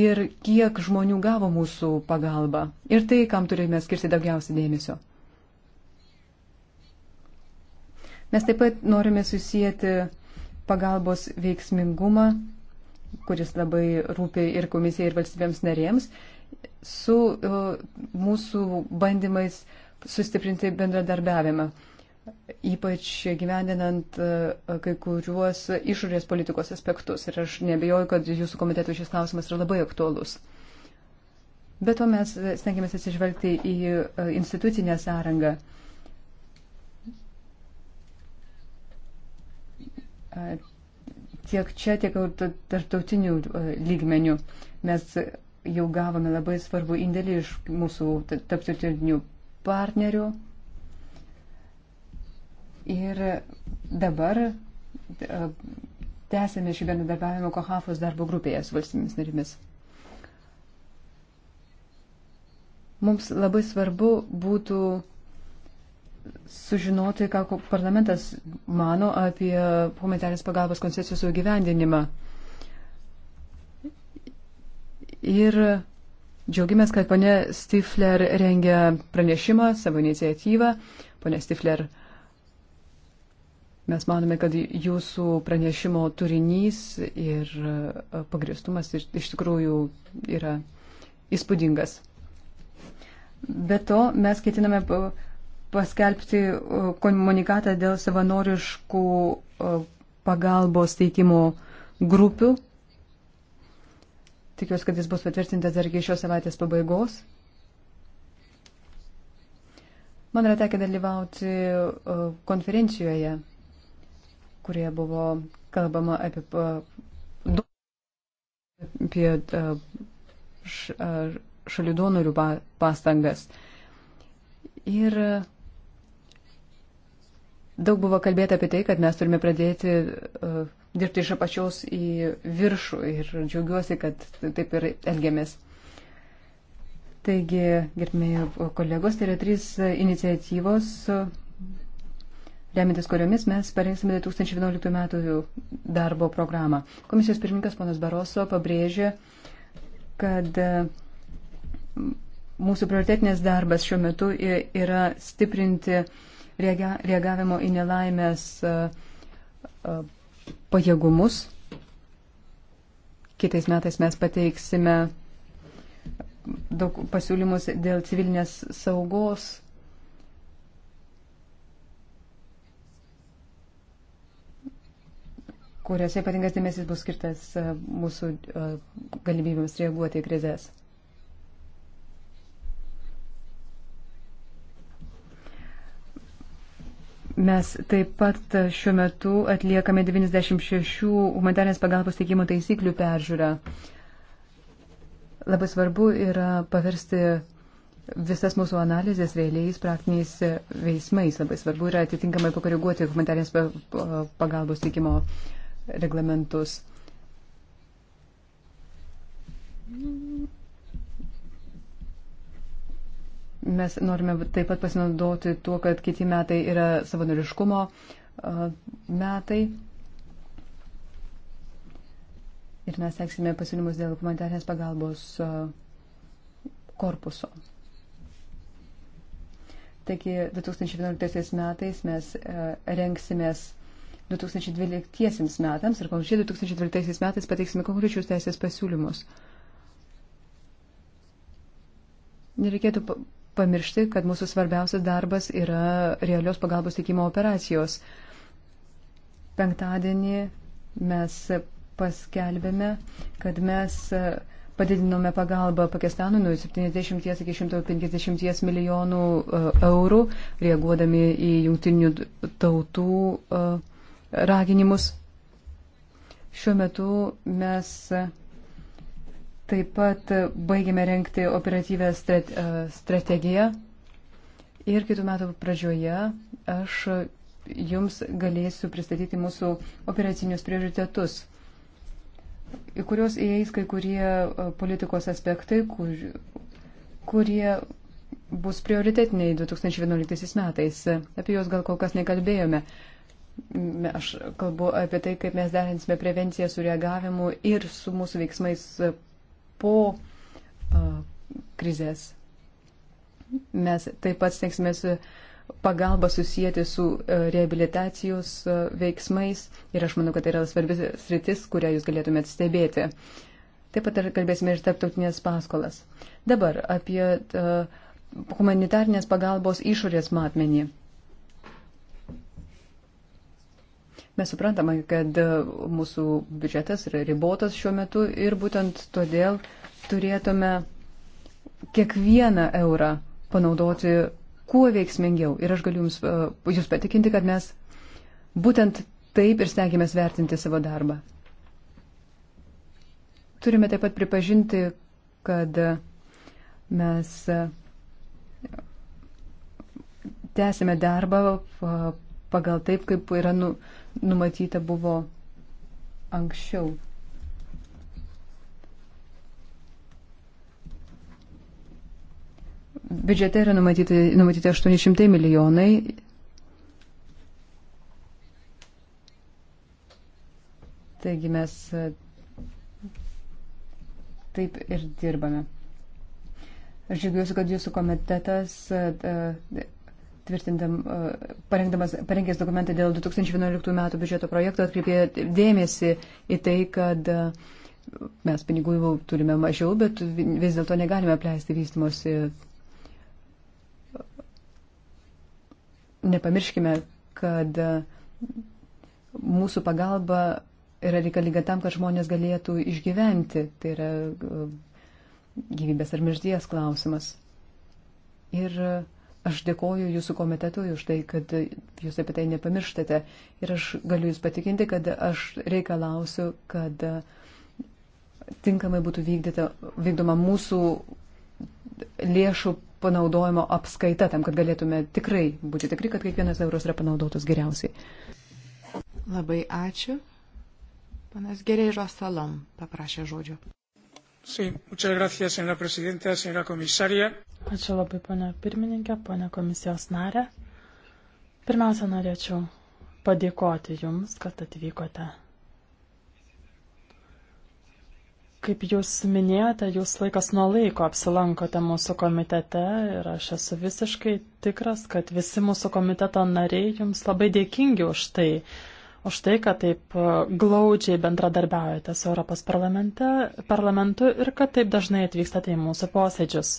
ir kiek žmonių gavo mūsų pagalbą ir tai, kam turime skirti daugiausiai dėmesio. Mes taip pat norime susijęti pagalbos veiksmingumą, kuris labai rūpi ir komisijai, ir valstybėms narėms, su e, mūsų bandymais sustiprinti bendradarbiavimą, ypač gyvendinant e, kai kuriuos išorės politikos aspektus. Ir aš nebejoju, kad jūsų komitetui šis klausimas yra labai aktuolus. Bet to mes e, stengiamės atsižvelgti į institucinę sąrangą. tiek čia, tiek tarptautinių e, lygmenių. Mes jau gavome labai svarbu indėlį iš mūsų tarptautinių partnerių. Ir dabar e, tęsėme šį bendradarbiavimą Kohafos darbo grupėje su valstybėmis narimis. Mums labai svarbu būtų sužinoti, ką parlamentas mano apie humanitarės pagalbos koncesijos įgyvendinimą. Ir džiaugiamės, kad ponė Stifler rengia pranešimą, savo iniciatyvą. Pone Stifler, mes manome, kad jūsų pranešimo turinys ir e, pagristumas iš tikrųjų yra įspūdingas. Be to, mes ketiname paskelbti komunikatą dėl savanoriškų pagalbos teikimo grupių. Tikiuosi, kad jis bus patvirtintas dar iki šios savaitės pabaigos. Man yra tekę dalyvauti konferencijoje, kurioje buvo kalbama apie, apie šalių donorių pastangas. Ir Daug buvo kalbėta apie tai, kad mes turime pradėti uh, dirbti iš apačios į viršų ir džiaugiuosi, kad taip ir elgiamės. Taigi, gerbėjai kolegos, tai yra trys iniciatyvos, remintis kuriomis mes parengsime 2011 metų darbo programą. Komisijos pirmininkas ponas Baroso pabrėžė, kad e, mūsų prioritetinės darbas šiuo metu yra stiprinti uh, reaga, reagavimo į nelaimės e, e, pajėgumus. Kitais metais mes pateiksime daug pasiūlymus dėl civilinės saugos. kuriuose ypatingas dėmesys bus skirtas e, mūsų galimybėms reaguoti į krizės. Mes taip pat šiuo metu atliekame 96 humanitarės pagalbos teikimo taisyklių peržiūrą. Labai svarbu yra paversti visas mūsų analizės realiais praktiniais veiksmais. Labai svarbu yra atitinkamai pakoreguoti humanitarės pagalbos teikimo reglamentus. Mes norime taip pat pasinaudoti tuo, kad kiti metai yra savanoriškumo metai. Ir mes seksime pasiūlymus dėl humanitarės pagalbos korpuso. Taigi 2011 metais mes renksimės 2012 metams ir konkrečiai 2012 metais pateiksime konkrečius teisės pasiūlymus. Nereikėtų pamiršti, kad mūsų svarbiausias darbas yra realios pagalbos teikimo operacijos. Penktadienį mes paskelbėme, kad mes padidinome pagalbą Pakistanui nuo 70 iki 150 milijonų e, eurų, reaguodami į jungtinių tautų e, raginimus. Šiuo metu mes Taip pat baigėme renkti operatyvę strate, strategiją ir kitų metų pradžioje aš jums galėsiu pristatyti mūsų operacinius prioritetus, į kuriuos įeis kai kurie e, politikos aspektai, kur, kurie bus prioritetiniai 2011 metais. Apie juos gal kol kas nekalbėjome. Aš kalbu apie tai, kaip mes derinsime prevenciją su reagavimu ir su mūsų veiksmais po krizės. Mes taip pat stengsime pagalbą susijęti su e, rehabilitacijos e, veiksmais ir aš manau, kad tai yra svarbi sritis, kurią jūs galėtumėte stebėti. Taip pat kalbėsime ir tarptautinės paskolas. Dabar apie e, humanitarnės pagalbos išorės matmenį. mes suprantame, kad mūsų biudžetas yra ribotas šiuo metu ir būtent todėl turėtume kiekvieną eurą panaudoti kuo veiksmingiau. Ir aš galiu jums, e, jūs patikinti, kad mes būtent taip ir stengiamės vertinti savo darbą. Turime taip pat pripažinti, kad mes e, tęsime darbą e, pagal taip, kaip yra nu, numatyta buvo anksčiau. Biudžete yra numatyti, numatyti 800 milijonai. Taigi mes e, taip ir dirbame. Aš džiaugiuosi, kad jūsų komitetas e, e, E, parengęs dokumentą dėl 2011 metų biudžeto projekto atkreipė dėmesį į tai, kad e, mes pinigų jau turime mažiau, bet vis dėlto negalime pleisti vystimosi. Nepamirškime, kad e, mūsų pagalba yra reikalinga tam, kad žmonės galėtų išgyventi. Tai yra gyvybės ar mirties klausimas. Ir uh, Aš dėkoju jūsų komitetui už tai, kad jūs apie tai nepamirštate. Ir aš galiu jūs patikinti, kad aš reikalausiu, kad tinkamai būtų vykdyta, vykdoma mūsų lėšų panaudojimo apskaita, tam, kad galėtume tikrai būti tikri, kad kiekvienas euros yra panaudotas geriausiai. Labai ačiū. Panas Geriai Žosalom paprašė žodžio. Sí, muchas gracias, señora presidenta, señora komisarė. Ačiū labai, ponia pirmininkė, ponia komisijos narė. Pirmiausia, norėčiau padėkoti Jums, kad atvykote. Kaip Jūs minėjote, Jūs laikas nuo laiko apsilankote mūsų komitete ir aš esu visiškai tikras, kad visi mūsų komiteto nariai Jums labai dėkingi už tai už tai, kad taip e, glaudžiai bendradarbiaujate su Europos parlamentu ir kad taip dažnai atvykstate į mūsų posėdžius.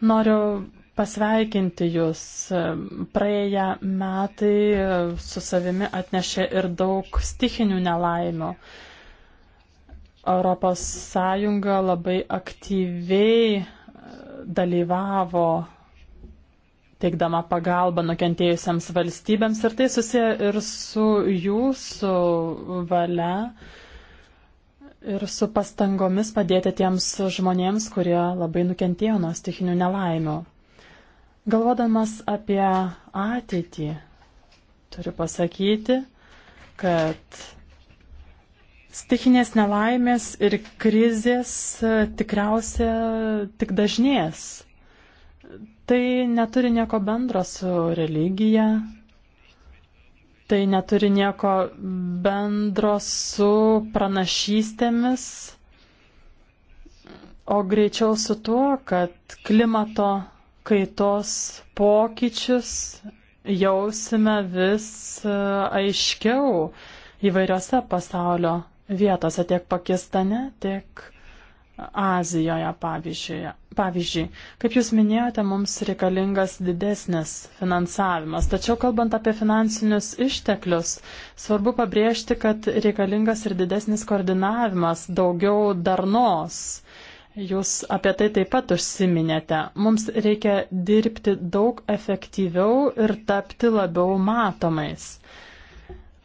Noriu pasveikinti Jūs. E, praėję metai e, su savimi atnešė ir daug stichinių nelaimių. Europos Sąjunga labai aktyviai dalyvavo teikdama pagalbą nukentėjusiems valstybėms ir tai susiję ir su jūsų valia ir su pastangomis padėti tiems žmonėms, kurie labai nukentėjo nuo stichinių nelaimių. Galvodamas apie ateitį, turiu pasakyti, kad stichinės nelaimės ir krizės tikriausia tik dažnės. Tai neturi nieko bendro su religija, tai neturi nieko bendro su pranašystėmis, o greičiau su tuo, kad klimato kaitos pokyčius jausime vis e, aiškiau įvairiose pasaulio vietose, tiek Pakistane, tiek Azijoje, pavyzdžiui. Kaip Jūs minėjote, mums reikalingas didesnis finansavimas. Tačiau kalbant apie finansinius išteklius, svarbu pabrėžti, kad reikalingas ir didesnis koordinavimas, daugiau darnos. Jūs apie tai taip pat užsiminėte. Mums reikia dirbti daug efektyviau ir tapti labiau matomais.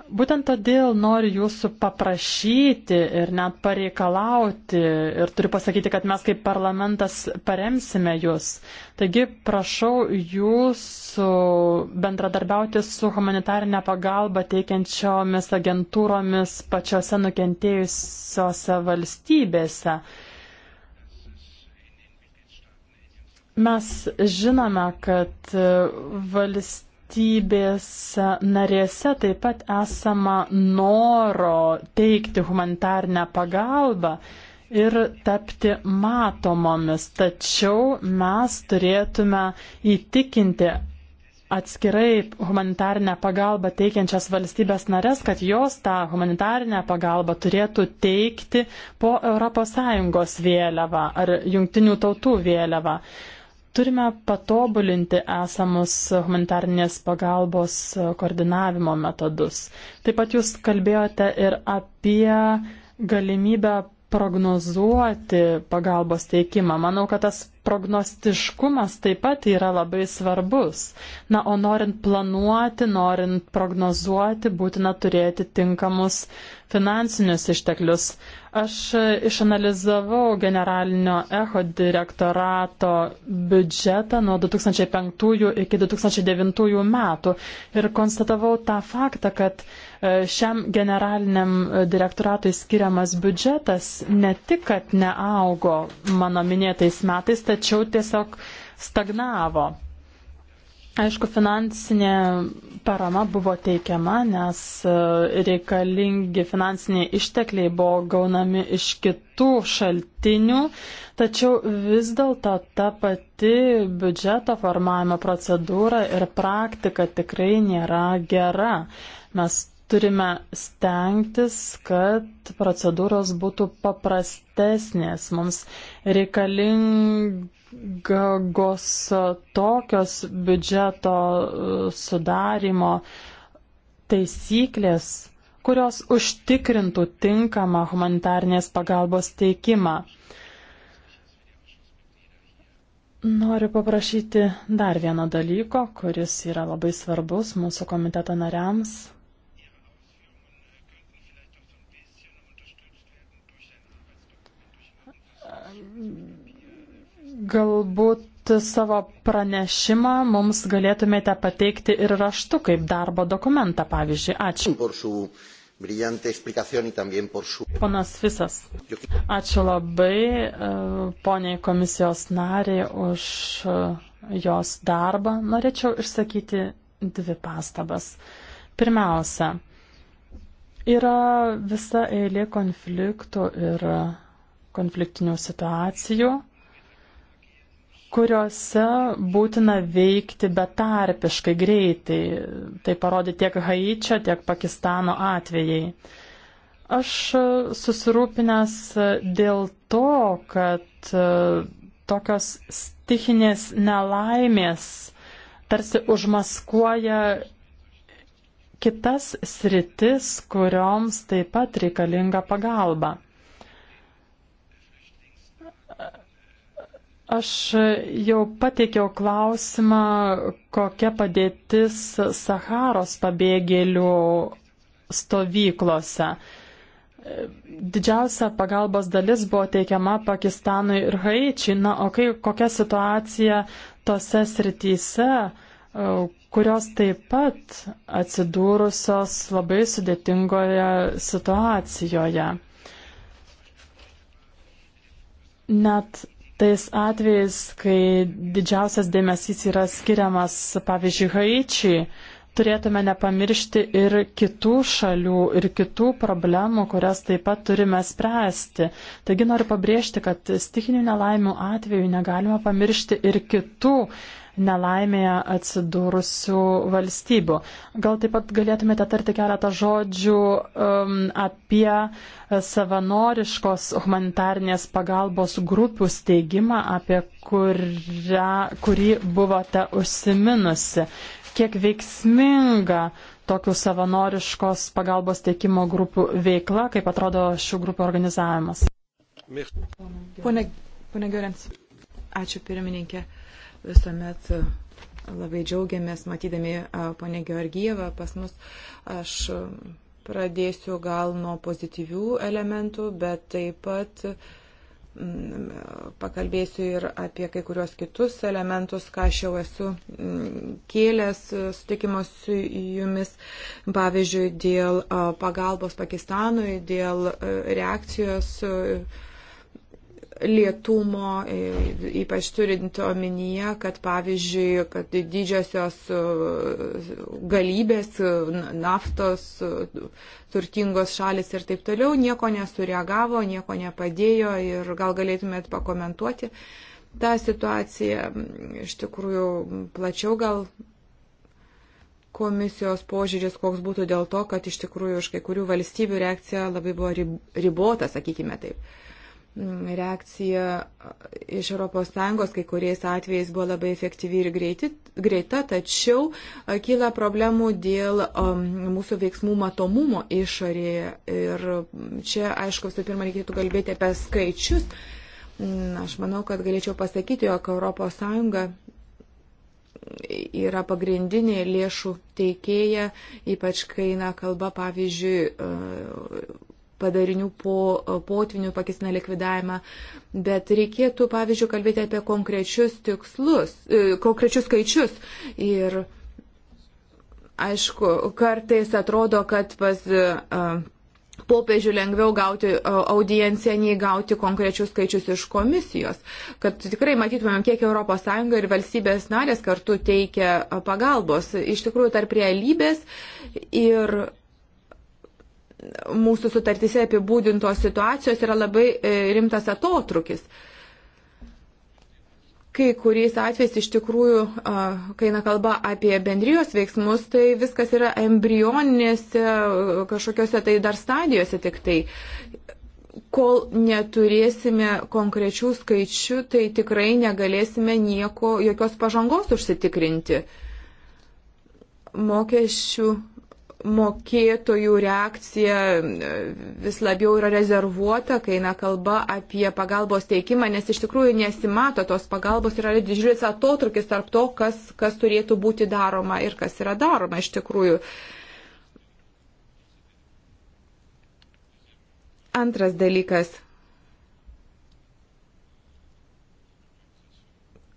Būtent todėl noriu jūsų paprašyti ir net pareikalauti ir turiu pasakyti, kad mes kaip parlamentas paremsime jūs. Taigi prašau jūsų bendradarbiauti su humanitarinė pagalba teikiančiomis agentūromis pačiose nukentėjusiose valstybėse. Mes žinome, kad valstybės valstybėse narėse taip pat esama noro teikti humanitarnę pagalbą ir tapti matomomis, tačiau mes turėtume įtikinti atskirai humanitarinę pagalbą teikiančias valstybės narės, kad jos tą humanitarinę pagalbą turėtų teikti po ES vėliavą ar jungtinių tautų vėliavą. Turime patobulinti esamus humanitarnės pagalbos koordinavimo metodus. Taip pat jūs kalbėjote ir apie galimybę prognozuoti pagalbos teikimą. Manau, kad tas prognostiškumas taip pat yra labai svarbus. Na, o norint planuoti, norint prognozuoti, būtina turėti tinkamus finansinius išteklius. Aš išanalizavau generalinio echo direktorato biudžetą nuo 2005 iki 2009 metų ir konstatavau tą faktą, kad E, šiam generaliniam e, direktoratui skiriamas biudžetas ne tik, kad neaugo mano minėtais metais, tačiau tiesiog stagnavo. Aišku, finansinė parama buvo teikiama, nes e, reikalingi finansiniai ištekliai buvo gaunami iš kitų šaltinių, tačiau vis dėlto ta pati biudžeto formavimo procedūra ir praktika tikrai nėra gera. Mes turime stengtis, kad procedūros būtų paprastesnės. Mums reikalingos tokios biudžeto uh, sudarimo taisyklės, kurios užtikrintų tinkamą humanitarnės pagalbos teikimą. Noriu paprašyti dar vieno dalyko, kuris yra labai svarbus mūsų komiteto nariams Galbūt savo pranešimą mums galėtumėte pateikti ir raštu kaip darbo dokumentą, pavyzdžiui. Ačiū. Ponas Fisas, ačiū labai e, poniai komisijos nariai už e, jos darbą. Norėčiau išsakyti dvi pastabas. Pirmiausia, yra visa eilė konfliktų ir konfliktinių situacijų kuriuose būtina veikti betarpiškai greitai. Tai parodė tiek Haičio, tiek Pakistano atvejai. Aš susirūpinęs dėl to, kad e, tokios stichinės nelaimės tarsi užmaskuoja kitas sritis, kurioms taip pat reikalinga pagalba. Aš jau pateikiau klausimą, kokia padėtis Saharos pabėgėlių stovyklose. Didžiausia pagalbos dalis buvo teikiama Pakistanui ir Haičiai. Na, o kai, kokia situacija tose srityse, kurios taip pat atsidūrusios labai sudėtingoje situacijoje? Net tais atvejais, kai didžiausias dėmesys yra skiriamas, pavyzdžiui, Haičiai, turėtume nepamiršti ir kitų šalių, ir kitų problemų, kurias taip pat turime spręsti. Taigi noriu pabrėžti, kad stikinių nelaimių atveju negalima pamiršti ir kitų nelaimėje atsidūrusių valstybių. Gal taip pat galėtumėte tarti keletą žodžių um, apie savanoriškos humanitarnės pagalbos grupių steigimą, apie kurią, kurį buvote užsiminusi. Kiek veiksminga tokių savanoriškos pagalbos teikimo grupių veikla, kaip atrodo šių grupių organizavimas? Pone, pone Gerens, ačiū pirmininkė. Uh, visuomet labai džiaugiamės matydami ponę Georgievą pas mus. Aš pradėsiu gal nuo pozityvių elementų, bet taip pat pakalbėsiu ir apie kai kurios kitus elementus, ką aš jau esu kėlęs e, sutikimas su jumis, pavyzdžiui, dėl pagalbos Pakistanui, dėl e, reakcijos e, lietumo, e, ypač turint omenyje, kad pavyzdžiui, kad didžiosios e, galybės, e, naftos, turtingos šalis ir taip toliau nieko nesureagavo, nieko nepadėjo ir gal galėtumėt pakomentuoti tą situaciją, iš tikrųjų plačiau gal komisijos požiūris, koks būtų dėl to, kad iš tikrųjų iš kai kurių valstybių reakcija labai buvo ribotas, sakykime taip reakcija iš ES kai kuriais atvejais buvo labai efektyvi ir greiti, greita, tačiau kyla problemų dėl mūsų veiksmų matomumo išorėje. Ir čia, aišku, visų pirma, reikėtų kalbėti apie skaičius. Aš manau, kad galėčiau pasakyti, jog ES yra pagrindinė lėšų teikėja, ypač kai eina kalba, pavyzdžiui, padarinių po potvinių Pakistane likvidavimą, bet reikėtų, pavyzdžiui, kalbėti apie konkrečius tikslus, e, konkrečius skaičius. Ir aišku, kartais atrodo, kad pas e, popiežių lengviau gauti e, audienciją, nei gauti konkrečius skaičius iš komisijos. Kad tikrai matytumėm, kiek ES ir valstybės narės kartu teikia pagalbos. Iš tikrųjų, tarp realybės ir mūsų sutartise apibūdintos situacijos yra labai e, rimtas atotrukis. Kai kuriais atvejais iš tikrųjų, kai eina kalba apie bendrijos veiksmus, tai viskas yra embrioninėse e, kažkokiose tai dar stadijose tik tai. Kol neturėsime konkrečių skaičių, tai tikrai negalėsime nieko, jokios pažangos užsitikrinti. Mokesčių mokėtojų reakcija e, vis labiau yra rezervuota, kai eina kalba apie pagalbos teikimą, nes iš tikrųjų nesimato tos pagalbos, yra didžiulis atotrukis tarp to, kas, kas turėtų būti daroma ir kas yra daroma iš tikrųjų. Antras dalykas.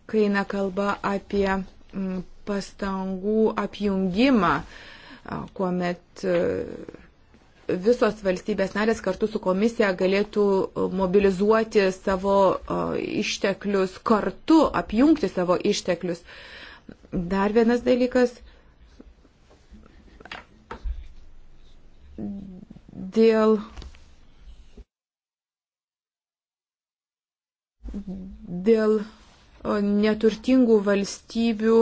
Kai eina kalba apie mm, pastangų apjungimą, uh, kuomet e, visos valstybės narės kartu su komisija galėtų e, mobilizuoti savo e, išteklius, kartu apjungti savo išteklius. Dar vienas dalykas. Dėl dėl neturtingų valstybių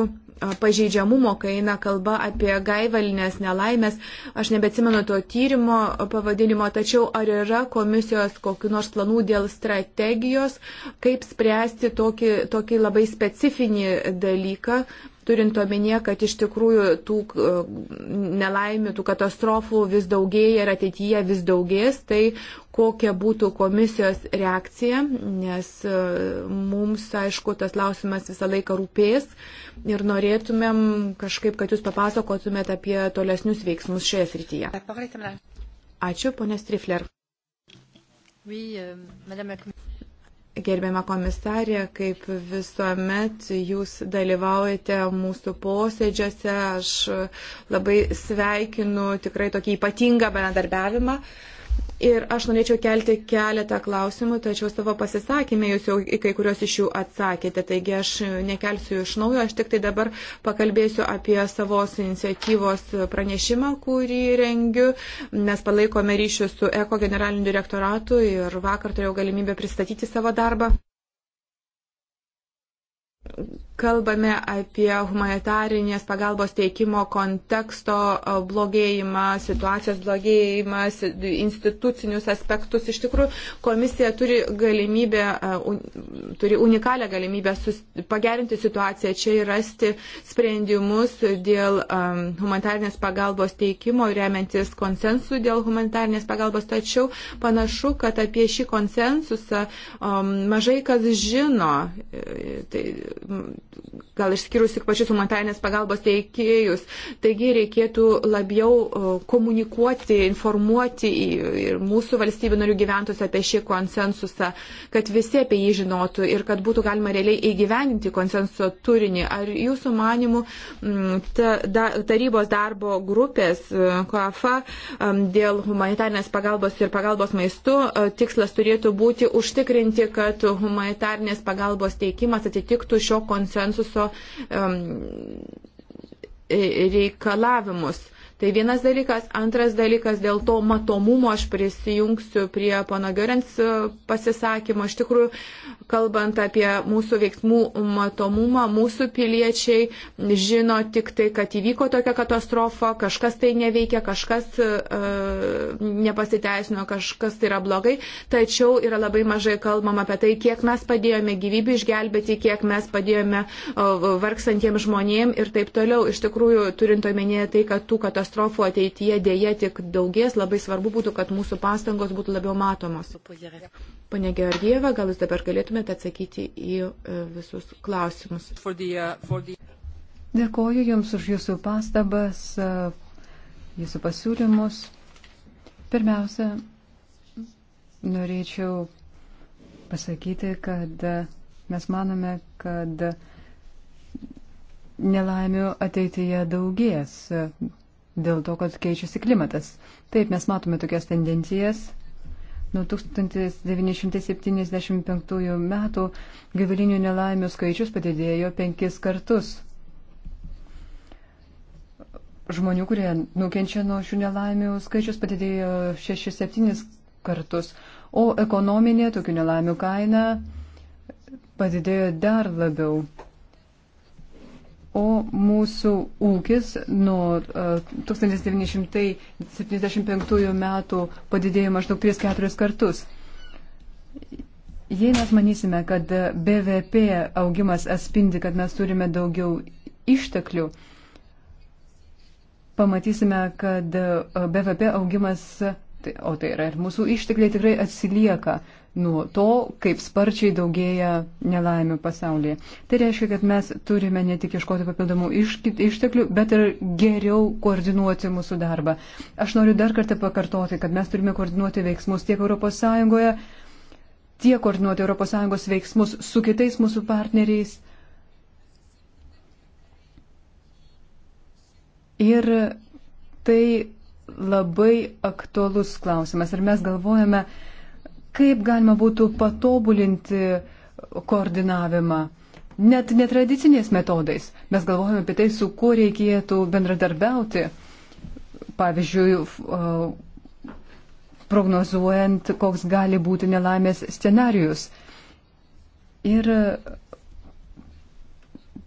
pažeidžiamumo, kai eina kalba apie gaivalinės nelaimės. Aš nebetsimenu to tyrimo pavadinimo, tačiau ar yra komisijos kokiu nors planų dėl strategijos, kaip spręsti tokį, tokį labai specifinį dalyką, turint omenyje, kad iš tikrųjų tų e, nelaimių, tų katastrofų vis daugėja ir ateityje vis daugės, tai kokia būtų komisijos reakcija, nes e, mums, aišku, tas klausimas visą laiką rūpės ir norėtumėm kažkaip, kad jūs papasakotumėt apie tolesnius veiksmus šioje srityje. Ačiū, ponė Strifler. Oui, euh, Gerbiama komisarė, kaip visuomet jūs dalyvaujate mūsų posėdžiuose. Aš labai sveikinu tikrai tokį ypatingą bendradarbiavimą. Uh, Ir aš norėčiau kelti keletą klausimų, tačiau savo pasisakymę jūs jau į kai kurios iš jų atsakėte, taigi aš nekelsiu iš naujo, aš tik tai dabar pakalbėsiu apie savos iniciatyvos pranešimą, kurį rengiu. Mes palaikome ryšius su Eko generaliniu direktoratu ir vakar turėjau galimybę pristatyti savo darbą kalbame apie humanitarinės pagalbos teikimo konteksto blogėjimą, situacijos blogėjimą, institucinius aspektus. Iš tikrųjų, komisija turi galimybę, turi unikalią galimybę pagerinti situaciją čia ir rasti sprendimus dėl humanitarinės pagalbos teikimo, remiantis konsensu dėl humanitarinės pagalbos. Tačiau panašu, kad apie šį konsensusą mažai kas žino. E, tai, gal išskyrus tik pačius humanitarinės pagalbos teikėjus. Taigi reikėtų labiau komunikuoti, informuoti ir mūsų valstybių narių gyventus apie šį konsensusą, kad visi apie jį žinotų ir kad būtų galima realiai įgyveninti konsensuso turinį. Ar jūsų manimų ta, da, tarybos darbo grupės e, KFA e, dėl humanitarinės pagalbos ir pagalbos maistu e, tikslas turėtų būti užtikrinti, kad humanitarinės pagalbos teikimas atitiktų šio konsensuso konsensuso reikalavimus. Tai vienas dalykas. Antras dalykas, dėl to matomumo aš prisijungsiu prie pana Gerens e, pasisakymo. Iš tikrųjų, kalbant apie mūsų veiksmų matomumą, mūsų piliečiai žino tik tai, kad įvyko tokia katastrofa, kažkas tai neveikia, kažkas uh, nepasiteisino, kažkas tai yra blogai. Tačiau yra labai mažai kalbama apie tai, kiek mes padėjome gyvybį išgelbėti, kiek mes padėjome uh, e, vargsantiems žmonėms ir taip toliau. Iš tikrųjų, turint omenyje tai, kad tų katastrofų katastrofų ateityje dėje tik daugies, labai svarbu būtų, kad mūsų pastangos būtų labiau matomos. Pane Georgieva, gal jūs dabar galėtumėte atsakyti į e, visus klausimus. Uh, Dėkoju Jums už Jūsų pastabas, e, Jūsų pasiūlymus. Pirmiausia, norėčiau pasakyti, kad e, mes manome, kad nelaimių ateityje daugės dėl to, kad keičiasi klimatas. Taip, mes matome tokias tendencijas. Nuo 1975 metų gyvulinių nelaimių skaičius padidėjo penkis kartus. Žmonių, kurie nukenčia nuo šių nelaimių skaičius padidėjo 6-7 kartus, o ekonominė tokių nelaimių kaina padidėjo dar labiau o mūsų ūkis nuo 1975 e, metų padidėjo maždaug 3-4 kartus. Jei mes manysime, kad BVP augimas atspindi, kad mes turime daugiau išteklių, pamatysime, kad e, BVP augimas Tai, o tai yra ir mūsų ištekliai tikrai atsilieka nuo to, kaip sparčiai daugėja nelaimių pasaulyje. Tai reiškia, kad mes turime ne tik ieškoti papildomų išteklių, bet ir geriau koordinuoti mūsų darbą. Aš noriu dar kartą pakartoti, kad mes turime koordinuoti veiksmus tiek ES, tiek koordinuoti ES veiksmus su kitais mūsų partneriais. Ir tai labai aktuolus klausimas ir mes galvojame, kaip galima būtų patobulinti koordinavimą. Net netradiciniais metodais mes galvojame apie tai, su kuo reikėtų bendradarbiauti. Pavyzdžiui, prognozuojant, koks gali būti nelaimės scenarius. Ir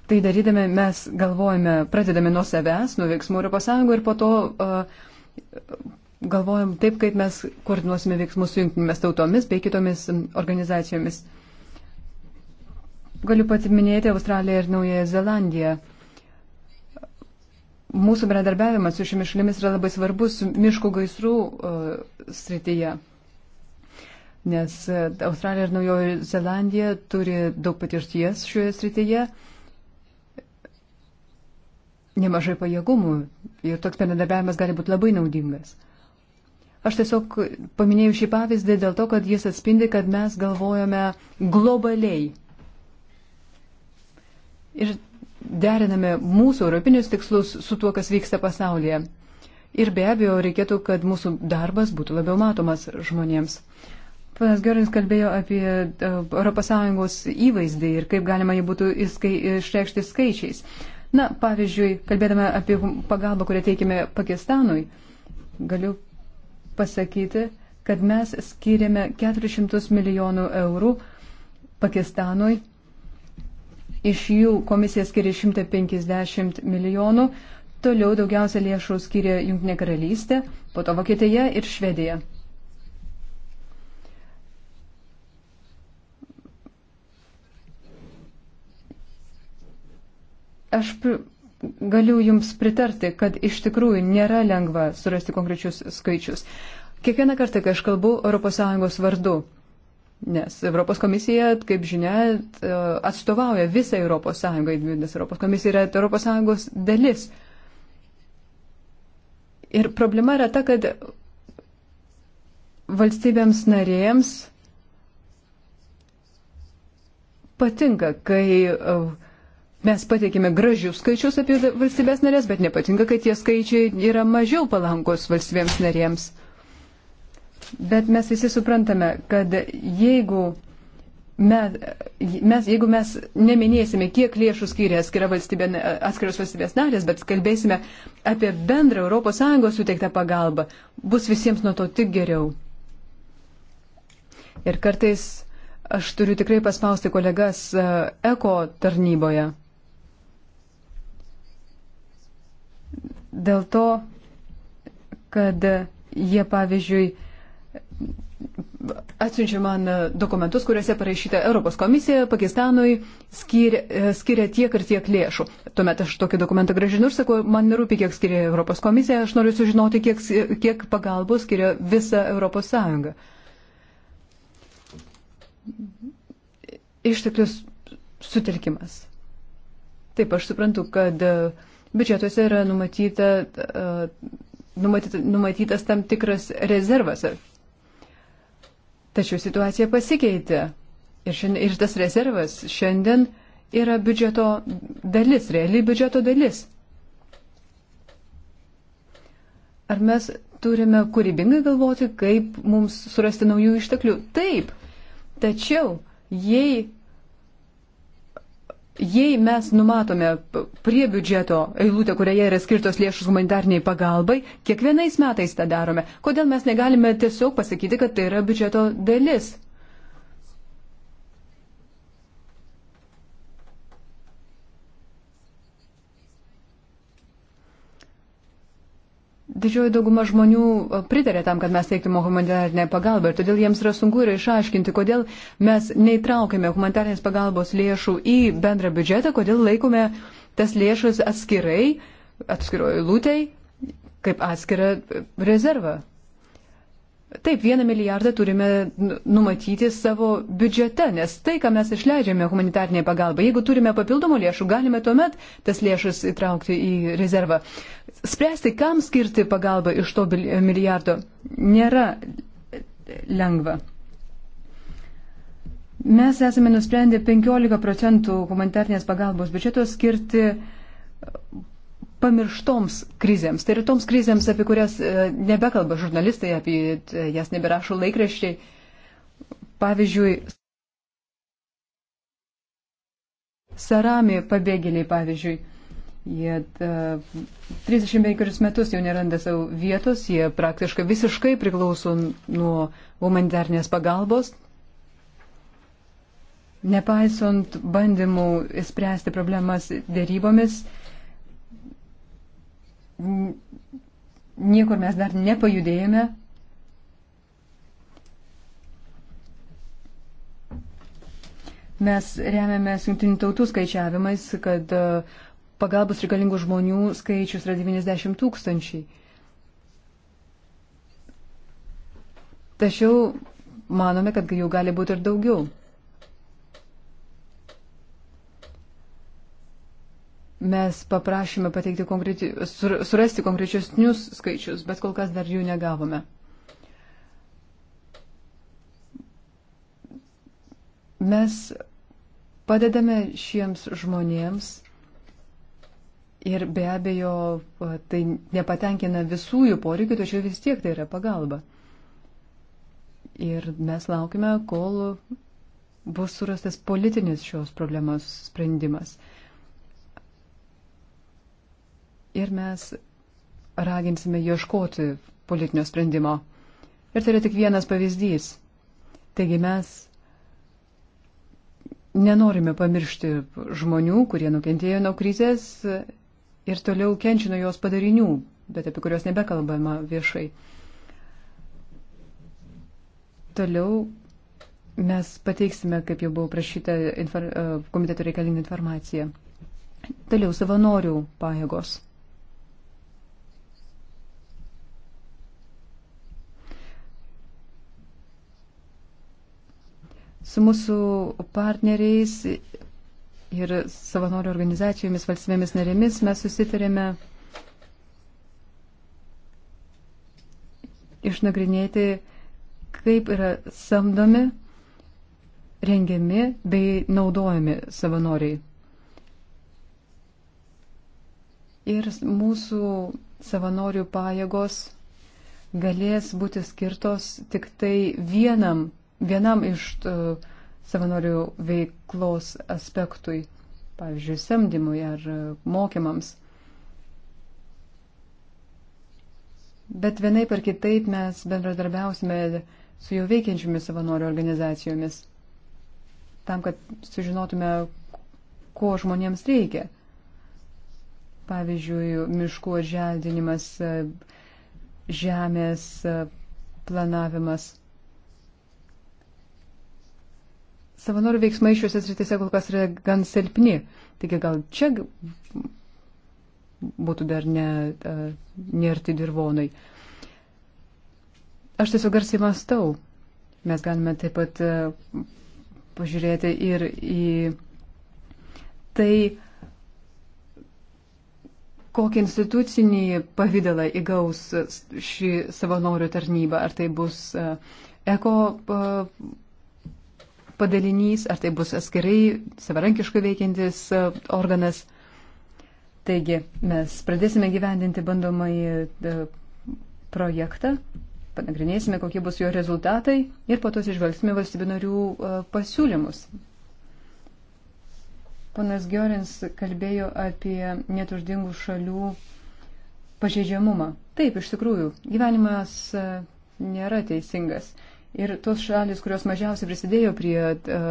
tai darydami mes galvojame, pradedame nuo savęs, nuo veiksmų Europos Sąjungoje ir po to uh, galvojam taip, kaip mes koordinuosime veiksmus su jungtinėmis tautomis bei kitomis organizacijomis. Galiu pats minėti Australiją ir Naująją Zelandiją. Mūsų bendradarbiavimas su šiomis šalimis yra labai svarbus miško gaisrų uh, srityje, nes e, Australija ir Naujoji Zelandija turi daug patirties šioje srityje. Uh, nemažai pajėgumų ir toks bendradarbiavimas gali būti labai naudingas. Aš tiesiog paminėjau šį pavyzdį dėl to, kad jis atspindi, kad mes galvojame globaliai ir deriname mūsų europinius tikslus su tuo, kas vyksta pasaulyje. Ir be abejo, reikėtų, kad mūsų darbas būtų labiau matomas žmonėms. Panas Gerins kalbėjo apie ES įvaizdį ir kaip galima jį būtų išreikšti skaičiais. Na, pavyzdžiui, kalbėdama apie pagalbą, kurią teikime Pakistanui, galiu pasakyti, kad mes skiriame 400 milijonų eurų Pakistanui. Iš jų komisija skiria 150 milijonų, toliau daugiausia lėšų skiria Junktinė karalystė, po to Vokietija ir Švedija. Aš galiu Jums pritarti, kad iš tikrųjų nėra lengva surasti konkrečius skaičius. Kiekvieną kartą, kai aš kalbu ES vardu, nes Europos komisija, kaip žinia, e, atstovauja visą ES, nes Europos komisija yra ES dalis. Ir problema yra ta, kad valstybėms narėms patinka, kai uh, Mes pateikėme gražius skaičius apie valstybės narės, bet nepatinka, kad tie skaičiai yra mažiau palankos valstybėms narėms. Bet mes visi suprantame, kad jeigu mes, mes, jeigu mes neminėsime, kiek lėšų skiria valstybė, atskiros valstybės narės, bet kalbėsime apie bendrą ES suteiktą pagalbą, bus visiems nuo to tik geriau. Ir kartais aš turiu tikrai paspausti kolegas ECO tarnyboje dėl to, kad jie, pavyzdžiui, atsiunčia man dokumentus, kuriuose parašyta Europos komisija Pakistanui skiria, skiria tiek ir tiek lėšų. Tuomet aš tokį dokumentą gražinu ir sakau, man nerūpi, kiek skiria Europos komisija, aš noriu sužinoti, kiek, kiek pagalbos skiria visa Europos Sąjunga. Išteklius sutelkimas. Taip, aš suprantu, kad uh, biudžetuose yra numatyta, e, numatyta, numatytas tam tikras rezervas. Tačiau situacija pasikeitė ir, šiandien, ir tas rezervas šiandien yra biudžeto dalis, reali biudžeto dalis. Ar mes turime kūrybingai galvoti, kaip mums surasti naujų išteklių? Taip. Tačiau, jei Jei mes numatome prie biudžeto eilutę, kurioje yra skirtos lėšos humanitarniai pagalbai, kiekvienais metais tą darome. Kodėl mes negalime tiesiog pasakyti, kad tai yra biudžeto dalis? didžioji dauguma žmonių e, pritarė tam, kad mes teiktume humanitarinę pagalbą ir todėl jiems yra sunku ir išaiškinti, kodėl mes neįtraukėme humanitarinės pagalbos lėšų į bendrą biudžetą, kodėl laikome tas lėšas atskirai, atskiroji lūtai, kaip atskirą rezervą. Taip, vieną milijardą turime nu, numatyti savo biudžete, nes tai, ką mes išleidžiame humanitarniai pagalbai, jeigu turime papildomų lėšų, galime tuomet tas lėšas įtraukti į rezervą. Spręsti, kam skirti pagalbą iš to milijardo, nėra lengva. Mes esame nusprendę 15 procentų humanitarnės pagalbos biudžeto skirti pamirštoms krizėms. Tai yra toms krizėms, apie kurias e, nebekalba žurnalistai, apie e, jas neberašo laikraščiai. Pavyzdžiui, Sarami pabėgėliai, pavyzdžiui, jie e, uh, 35 metus jau neranda savo vietos, jie praktiškai visiškai priklauso nuo humanitarnės pagalbos, nepaisant bandymų spręsti problemas dėrybomis. Uh, niekur mes dar nepajudėjome. Mes remiame jungtinių tautų skaičiavimais, kad e, pagalbos reikalingų žmonių skaičius yra 90 tūkstančiai. Tačiau manome, kad jų gali būti ir daugiau. mes paprašėme pateikti konkreti, surasti konkrečius skaičius, bet kol kas dar jų negavome. Mes padedame šiems žmonėms ir be abejo tai nepatenkina visų jų poreikių, tačiau vis tiek tai yra pagalba. Ir mes laukime, kol bus surastas politinis šios problemos sprendimas ir mes raginsime ieškoti politinio sprendimo. Ir tai yra tik vienas pavyzdys. Taigi mes nenorime pamiršti žmonių, kurie nukentėjo nuo krizės ir toliau kenčia nuo jos padarinių, bet apie kuriuos nebekalbama viešai. Toliau mes pateiksime, kaip jau buvo prašyta, e, komiteto reikalinga informacija. Toliau savanorių pajėgos. su mūsų partneriais ir savanorių organizacijomis, valstybėmis narėmis mes susitarėme išnagrinėti, kaip yra samdomi, rengiami bei naudojami savanoriai. Ir mūsų savanorių pajėgos galės būti skirtos tik tai vienam vienam iš e, savanorių veiklos aspektui, pavyzdžiui, samdymui ar e, mokymams. Bet vienai par kitaip mes bendradarbiausime su jau veikiančiomis savanorių organizacijomis, tam, kad sužinotume, ko žmonėms reikia. Pavyzdžiui, miškų atželdinimas, e, žemės planavimas. Savanorių veiksmai šiuose srityse kol kas yra gan silpni. Taigi gal čia būtų dar ne, nerti dirvonai. Aš tiesiog garsiai mastau. Mes galime taip pat pažiūrėti ir į tai, kokį institucinį pavydalą įgaus ši savanorių tarnyba. Ar tai bus eko padalinys, ar tai bus atskirai savarankiškai veikiantis e, organas. Taigi mes pradėsime gyvendinti bandomąjį e, projektą, panagrinėsime, kokie bus jo rezultatai ir po to išvelgsime valstybių narių e, pasiūlymus. Ponas Giorins kalbėjo apie neturtingų šalių pažeidžiamumą. Taip, iš tikrųjų, gyvenimas nėra teisingas. Ir tos šalis, kurios mažiausiai prisidėjo prie uh,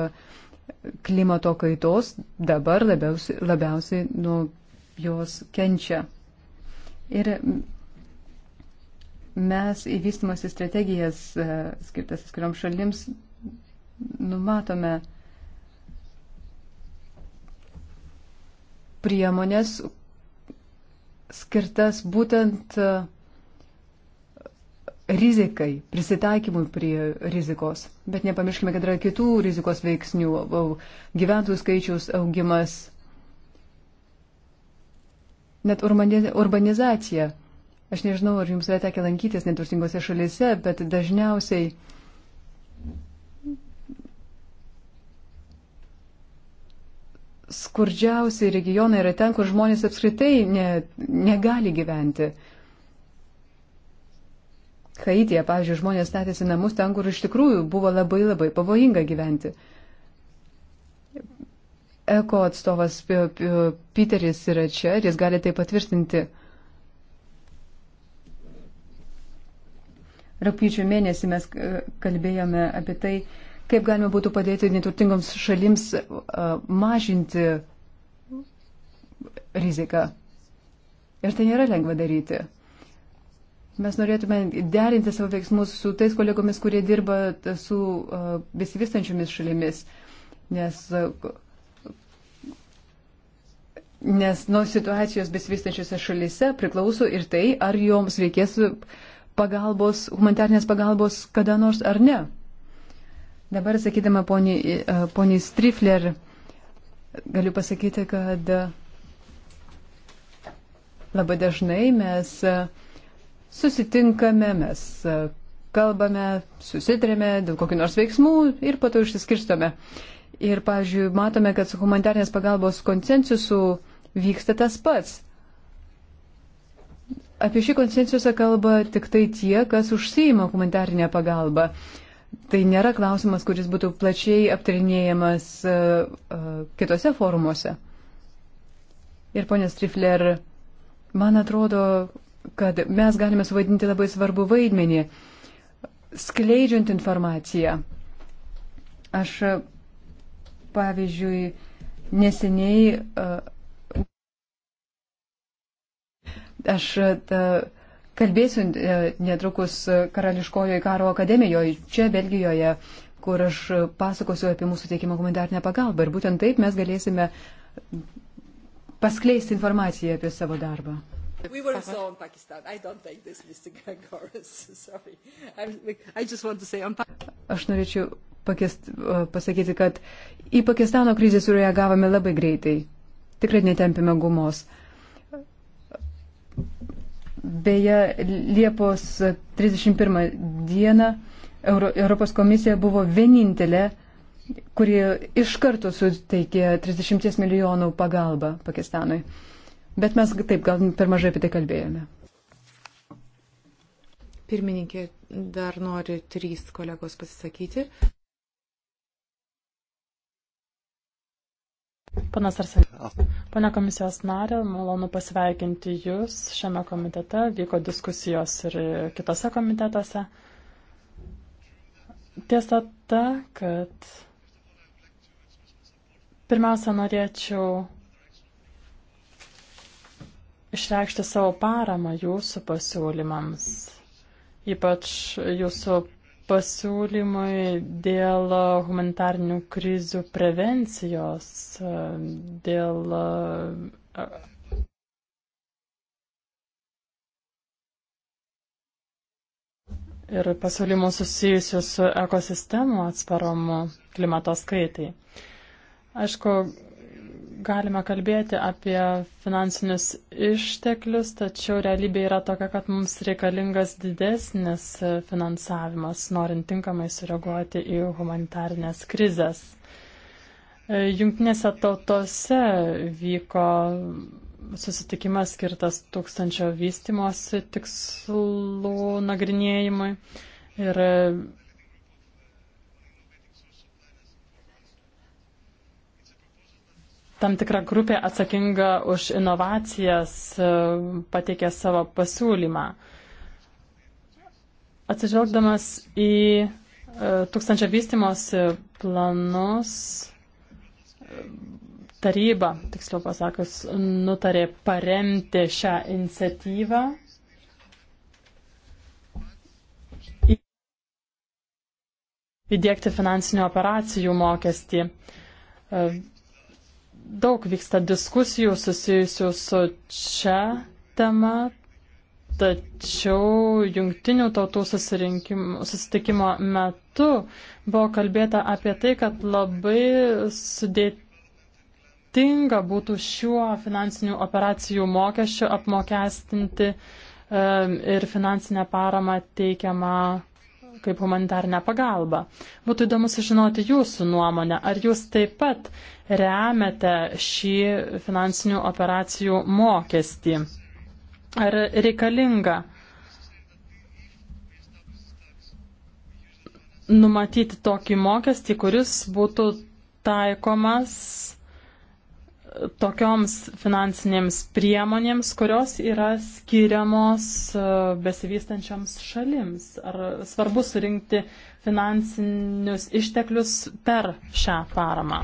klimato kaitos, dabar labiausiai, labiausiai nuo jos kenčia. Ir mes į vystimasi strategijas uh, skirtas atskirom šalims numatome priemonės skirtas būtent uh, rizikai, prisitaikymui prie rizikos. Bet nepamirškime, kad yra kitų rizikos veiksnių - gyventojų skaičiaus augimas, net urbanizacija. Aš nežinau, ar jums yra tekę lankytis neturtingose šalise, bet dažniausiai skurdžiausi regionai yra ten, kur žmonės apskritai ne, negali gyventi. Haityje, pavyzdžiui, žmonės statėsi namus ten, kur iš tikrųjų buvo labai labai pavojinga gyventi. Eko atstovas Piteris yra čia ir jis gali tai patvirtinti. Rūpyčio mėnesį mes e, kalbėjome apie tai, kaip galima būtų padėti neturtingoms šalims e, mažinti riziką. Ir tai nėra lengva daryti. Mes norėtume derinti savo veiksmus su tais kolegomis, kurie dirba su besivystančiomis šalimis, nes, nes nuo situacijos besivystančiose šalise priklauso ir tai, ar joms reikės pagalbos, humanitarnės pagalbos kada nors ar ne. Dabar, sakydama poniai e, Strifler, galiu pasakyti, kad labai dažnai mes uh, susitinkame, mes e, kalbame, susitrėme dėl kokių nors veiksmų ir po to išsiskirstome. Ir, pavyzdžiui, matome, kad su humanitarnės pagalbos konsensusu vyksta tas pats. Apie šį konsensusą kalba tik tai tie, kas užsijima humanitarinę pagalbą. Tai nėra klausimas, kuris būtų plačiai aptarinėjamas uh, uh, kitose forumuose. Ir ponė Strifler, man atrodo, kad mes galime suvaidinti labai svarbu vaidmenį, skleidžiant informaciją. Aš, pavyzdžiui, neseniai e, aš ta, e, kalbėsiu e, netrukus Karališkojoje karo akademijoje, čia Belgijoje, kur aš pasakosiu apie mūsų teikimą humanitarnę pagalbą. Ir būtent taip mes galėsime paskleisti informaciją apie savo darbą. We were so on Pakistan. I don't take this, Mr. Gregoris. Sorry. I'm, I just want to say on Pakistan. Aš norėčiau pakest, pasakyti, kad į Pakistano krizę sureagavome labai greitai. Tikrai netempime gumos. Beje, Liepos 31 dieną Euro, Europos komisija buvo vienintelė, kuri iš karto suteikė 30 milijonų pagalbą Pakistanui. Uh, Bet mes taip gal per mažai apie tai kalbėjome. Pirmininkė, dar nori trys kolegos pasisakyti. Panas Arsen, pane komisijos narė, malonu pasveikinti Jūs šiame komitete. Vyko diskusijos ir kitose komitetuose. Tiesa ta, kad pirmiausia norėčiau išreikšti savo paramą jūsų pasiūlymams, ypač jūsų pasiūlymui dėl humanitarnių krizių prevencijos, dėl e, ir pasiūlymų susijusių su ekosistemų atsparomu klimatos kaitai. Aišku, galime kalbėti apie finansinius išteklius, tačiau realybė yra tokia, kad mums reikalingas didesnis finansavimas, norint tinkamai sureaguoti į humanitarnės krizės. E, Junktinėse tautose vyko susitikimas skirtas tūkstančio vystimosi tikslų nagrinėjimui ir tam tikra grupė atsakinga už inovacijas e, pateikė savo pasiūlymą. Atsižvelgdamas į e, tūkstančio vystimosi planus, e, taryba, tiksliau pasakius, nutarė paremti šią iniciatyvą. Įdėkti finansinių operacijų mokestį daug vyksta diskusijų susijusių su čia tema, tačiau jungtinių tautų susitikimo metu buvo kalbėta apie tai, kad labai sudėtinga būtų šiuo finansinių operacijų mokesčiu apmokestinti ir finansinę paramą teikiamą kaip humanitarnę pagalbą. Būtų įdomu sužinoti jūsų nuomonę, ar jūs taip pat remiate šį finansinių operacijų mokestį. Ar reikalinga numatyti tokį mokestį, kuris būtų taikomas tokioms finansinėms priemonėms, kurios yra skiriamos e, besivystančioms šalims? Ar svarbu surinkti finansinius išteklius per šią paramą?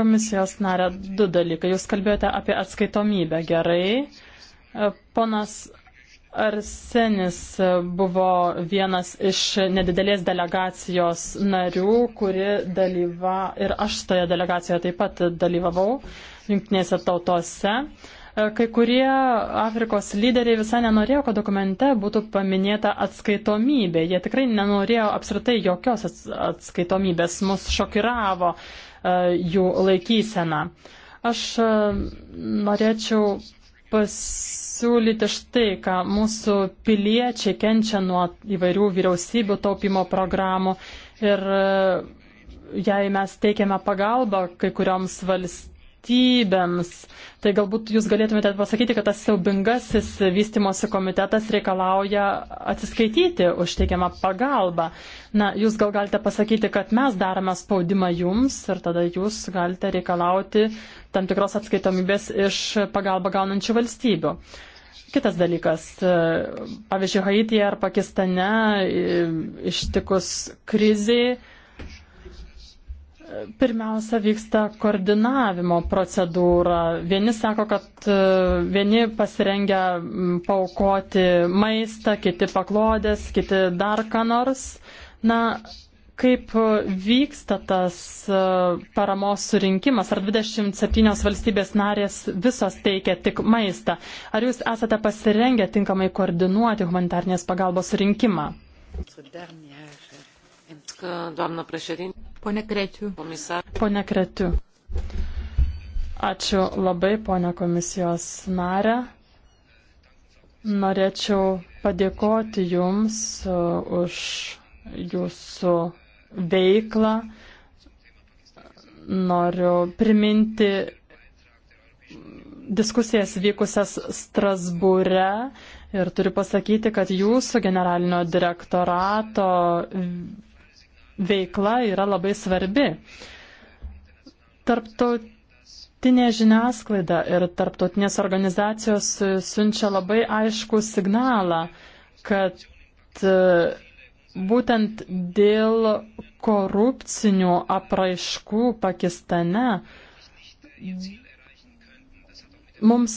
Komisijos narė, du dalykai. Jūs kalbėjote apie atskaitomybę gerai. E, ponas Arsenis buvo vienas iš nedidelės delegacijos narių, kuri dalyva ir aš toje delegacijoje taip pat dalyvavau jungtinėse tautose. Kai kurie Afrikos lyderiai visai nenorėjo, kad dokumente būtų paminėta atskaitomybė. Jie tikrai nenorėjo apskritai jokios atskaitomybės. Mus šokiravo e, jų laikysena. Aš e, norėčiau pasiūlyti štai, ką mūsų piliečiai kenčia nuo įvairių vyriausybių taupimo programų ir e, jei mes teikiame pagalbą kai kurioms valstybėms, tai galbūt jūs galėtumėte pasakyti, kad tas siaubingasis vystimosi komitetas reikalauja atsiskaityti už teikiamą pagalbą. Na, jūs gal galite pasakyti, kad mes darome spaudimą jums ir tada jūs galite reikalauti tam tikros atskaitomybės iš pagalbą gaunančių valstybių. Kitas dalykas, e, pavyzdžiui, Haityje ar Pakistane e, ištikus kriziai, e, pirmiausia vyksta koordinavimo procedūra. Vieni sako, kad vieni pasirengia paukoti maistą, kiti paklodės, kiti dar ką nors. Na, kaip vyksta tas e, paramos surinkimas? Ar 27 valstybės narės visos teikia tik maistą? Ar jūs esate pasirengę tinkamai koordinuoti humanitarnės pagalbos surinkimă? Pone Kretiu. Pone Kretiu. Ačiū labai, ponia komisijos narė. Norėčiau padėkoti Jums e, už jūsų veiklą. Noriu priminti diskusijas vykusias Strasbūre ir turiu pasakyti, kad jūsų generalinio direktorato veikla yra labai svarbi. Tarptautinė žiniasklaida ir tarptautinės organizacijos siunčia labai aišku signalą, kad būtent dėl korupcinių apraiškų Pakistane mums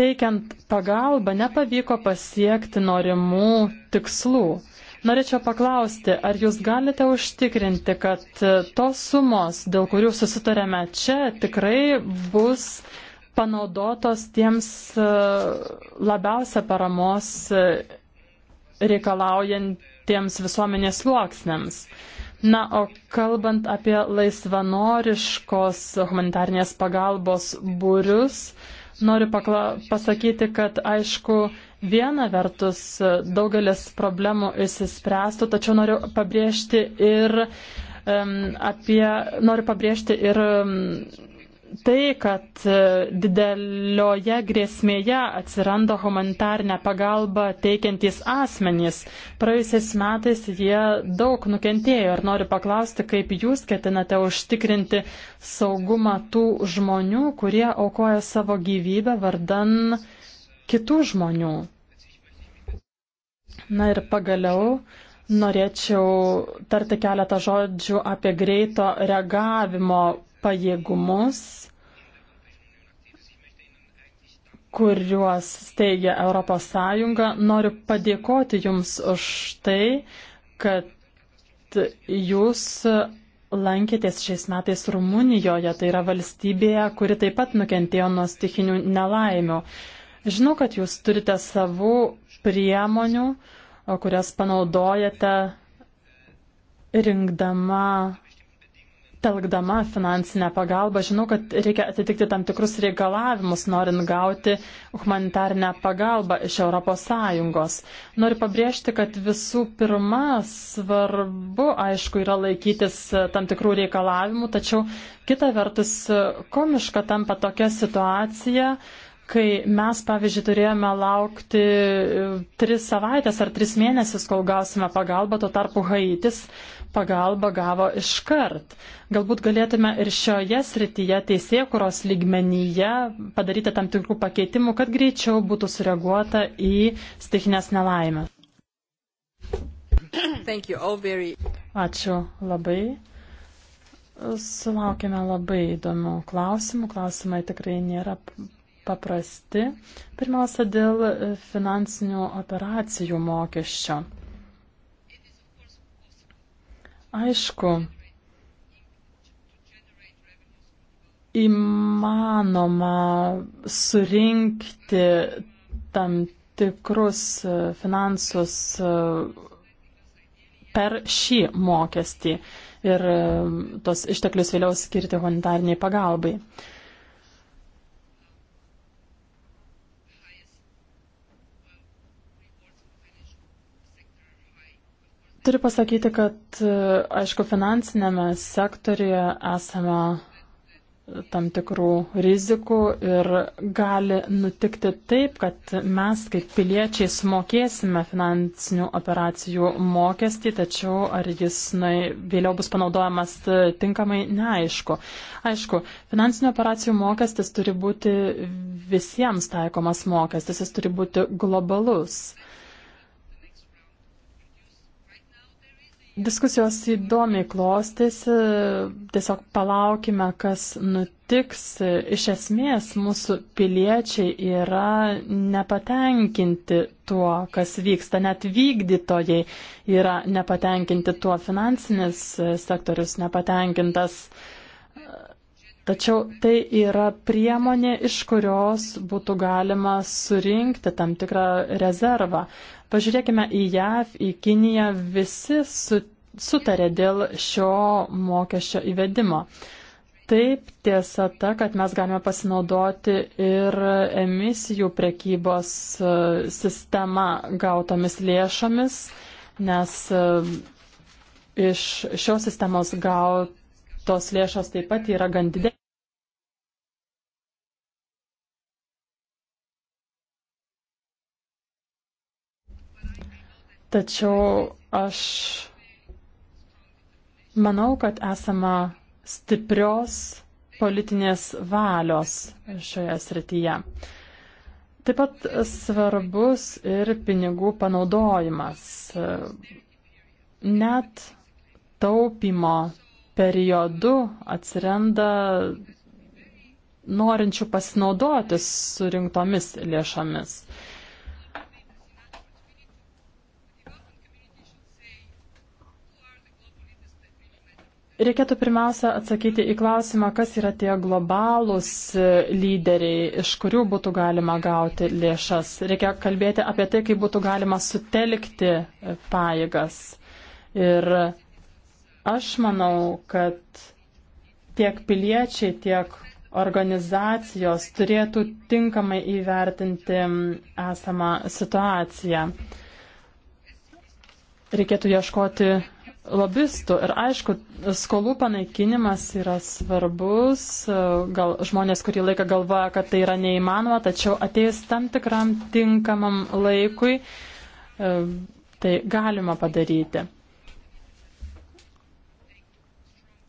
teikiant pagalbą nepavyko pasiekti norimų tikslų. Norėčiau paklausti, ar jūs galite užtikrinti, kad tos sumos, dėl kurių susitarėme čia, tikrai bus panaudotos tiems e, labiausia paramos e, reikalaujant tiems visuomenės sluoksniams. Na, o kalbant apie laisvanoriškos humanitarnės pagalbos būrius, noriu pakla pasakyti, kad aišku, viena vertus daugelis problemų įsispręstų, tačiau noriu pabrėžti ir um, apie, noriu pabrėžti ir um, tai, kad e, didelioje grėsmėje atsiranda humanitarnę pagalbą teikiantys asmenys. Praėjusiais metais jie daug nukentėjo ir noriu paklausti, kaip jūs ketinate užtikrinti saugumą tų žmonių, kurie aukoja savo gyvybę vardan kitų žmonių. Na ir pagaliau norėčiau tarti keletą žodžių apie greito reagavimo pajėgumus kuriuos steigia Europos Sąjunga. Noriu padėkoti Jums už tai, kad Jūs lankėtės šiais metais Rumunijoje, tai yra valstybėje, kuri taip pat nukentėjo nuo stikinių nelaimių. Žinau, kad Jūs turite savų priemonių, kurias panaudojate rinkdama telkdama finansinę pagalbą, žinau, kad reikia atitikti tam tikrus reikalavimus, norint gauti humanitarinę pagalbą iš ES. Noriu pabrėžti, kad visų pirma svarbu, aišku, yra laikytis tam tikrų reikalavimų, tačiau kita vertus komiška tampa tokia situacija, kai mes, pavyzdžiui, turėjome laukti e, tris savaitės ar tris mėnesius, kol gausime pagalbą, tuo tarpu Haitis pagalbą gavo iškart. Galbūt galėtume ir šioje srityje teisėkuros lygmenyje padaryti tam tikrų pakeitimų, kad greičiau būtų sureaguota į stichinės nelaimę. Very... Ačiū labai. Sulaukėme labai įdomių klausimų. Klausimai tikrai nėra paprasti. Pirmiausia, dėl finansinių operacijų mokesčio. Aišku, įmanoma surinkti tam tikrus e, finansus e, per šį mokestį ir e, tos išteklius vėliau skirti humanitarniai pagalbai. Turiu pasakyti, kad e, aišku, finansinėme sektorija esame tam tikrų rizikų ir gali nutikti taip, kad mes kaip piliečiai sumokėsime finansinių operacijų mokestį, tačiau ar jis na, vėliau bus panaudojamas e, tinkamai, neaišku. Aišku, finansinių operacijų mokestis turi būti visiems taikomas mokestis, jis turi būti globalus. Diskusijos įdomiai klostėsi, tiesiog palaukime, kas nutiks. Iš esmės mūsų piliečiai yra nepatenkinti tuo, kas vyksta, net vykdytojai yra nepatenkinti tuo, finansinis sektorius nepatenkintas. Uh, Tačiau tai yra priemonė, iš kurios būtų galima surinkti tam tikrą rezervą. Pažiūrėkime į JAV, į Kiniją, visi su, sutarė dėl šio mokesčio įvedimo. Taip, tiesa ta, kad mes galime pasinaudoti ir emisijų prekybos e, sistema gautomis lėšomis, nes e, iš šios sistemos gauti tos lėšos taip pat yra gan didelės. Tačiau aš manau, kad esama stiprios politinės valios šioje srityje. Taip pat svarbus ir pinigų panaudojimas. Net taupimo periodu atsiranda norinčių pasinaudoti surinktomis lėšomis. Reikėtų pirmiausia atsakyti į klausimą, kas yra tie globalūs lyderiai, iš kurių būtų galima gauti lėšas. Reikia kalbėti apie tai, kaip būtų galima sutelkti pajėgas. Ir Aš manau, kad tiek piliečiai, tiek organizacijos turėtų tinkamai įvertinti esamą situaciją. Reikėtų ieškoti lobistų. Ir aišku, skolų panaikinimas yra svarbus. Gal žmonės kurį laiką galvoja, kad tai yra neįmanoma, tačiau ateis tam tikram tinkamam laikui, e, tai galima padaryti.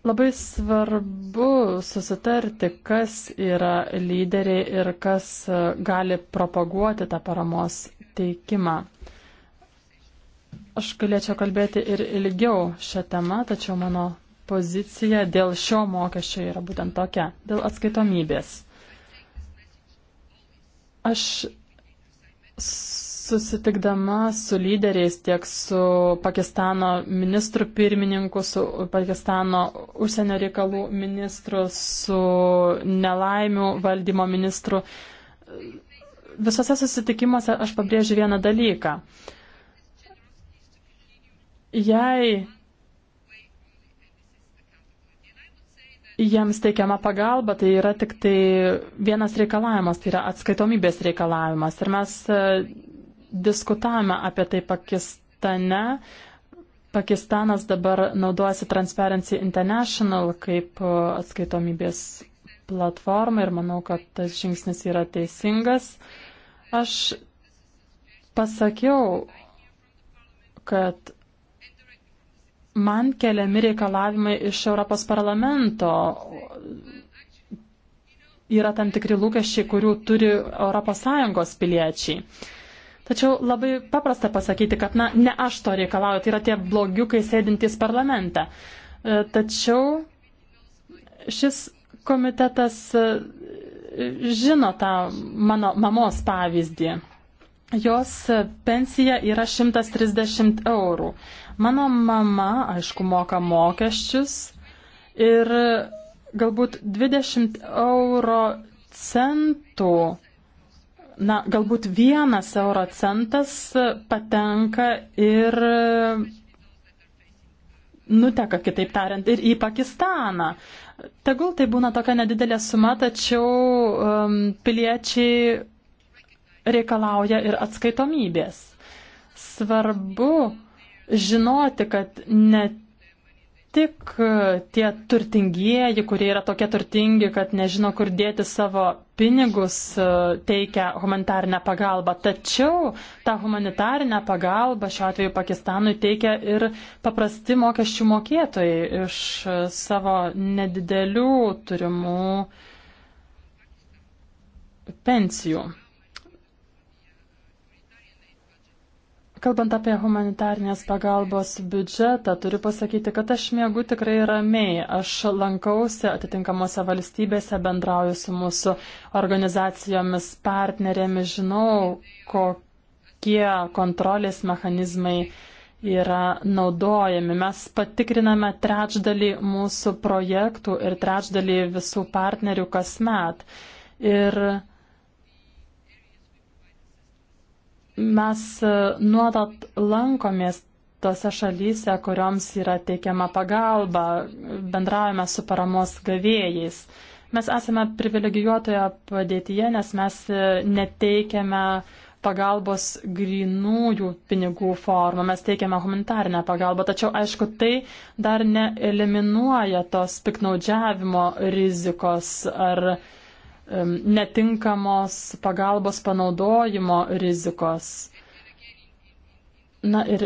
Labai svarbu susitarti, kas yra lyderiai ir kas e, gali propaguoti tą paramos teikimą. Aš galėčiau kalbėti ir ilgiau šią temą, tačiau mano pozicija dėl šio mokesčio yra būtent tokia - dėl atskaitomybės. Aš Susitikdama su lyderiais, tiek su Pakistano ministru pirmininku, su Pakistano užsienio reikalų ministru, su nelaimių valdymo ministru, visose susitikimuose aš pabrėžiu vieną dalyką. Jei jiems teikiama pagalba, tai yra tik tai vienas reikalavimas, tai yra atskaitomybės reikalavimas. Ir mes diskutavome apie tai Pakistane. Pakistanas dabar naudojasi Transparency International kaip atskaitomybės platformą ir manau, kad tas žingsnis yra teisingas. Aš pasakiau, kad man keliami reikalavimai iš Europos parlamento. Yra tam tikri lūkesčiai, kurių turi ES piliečiai. Tačiau labai paprasta pasakyti, kad na, ne aš to reikalauju, tai yra tie blogiukai sėdintys parlamente. E, tačiau šis komitetas e, žino tą mano mamos pavyzdį. Jos pensija yra 130 eurų. Mano mama, aišku, moka mokesčius ir galbūt 20 euro centų na, galbūt vienas euro centas patenka ir nuteka, kitaip tariant, ir į Pakistaną. Tegul tai būna tokia nedidelė suma, tačiau um, piliečiai reikalauja ir atskaitomybės. Svarbu žinoti, kad ne tik tie turtingieji, kurie yra tokie turtingi, kad nežino, kur dėti savo pinigus e, teikia humanitarinę pagalbą, tačiau tą humanitarinę pagalbą šiuo atveju Pakistanui teikia ir paprasti mokesčių mokėtojai iš e, savo nedidelių turimų pensijų. Kalbant apie humanitarnės pagalbos biudžetą, turiu pasakyti, kad aš mėgu tikrai ramiai. Aš lankausi atitinkamuose valstybėse, bendrauju su mūsų organizacijomis, partnerėmis, žinau, kokie kontrolės mechanizmai yra naudojami. Mes patikriname trečdalį mūsų projektų ir trečdalį visų partnerių kasmet. Ir Mes e, nuolat lankomės tose šalyse, kurioms yra teikiama pagalba, bendraujame su paramos gavėjais. Mes esame privilegijuotoje padėtyje, nes mes e, neteikiame pagalbos grinųjų pinigų formą, mes teikiame humanitarinę pagalbą, tačiau aišku, tai dar neeliminuoja tos piknaudžiavimo rizikos ar uh, netinkamos pagalbos panaudojimo rizikos. Na ir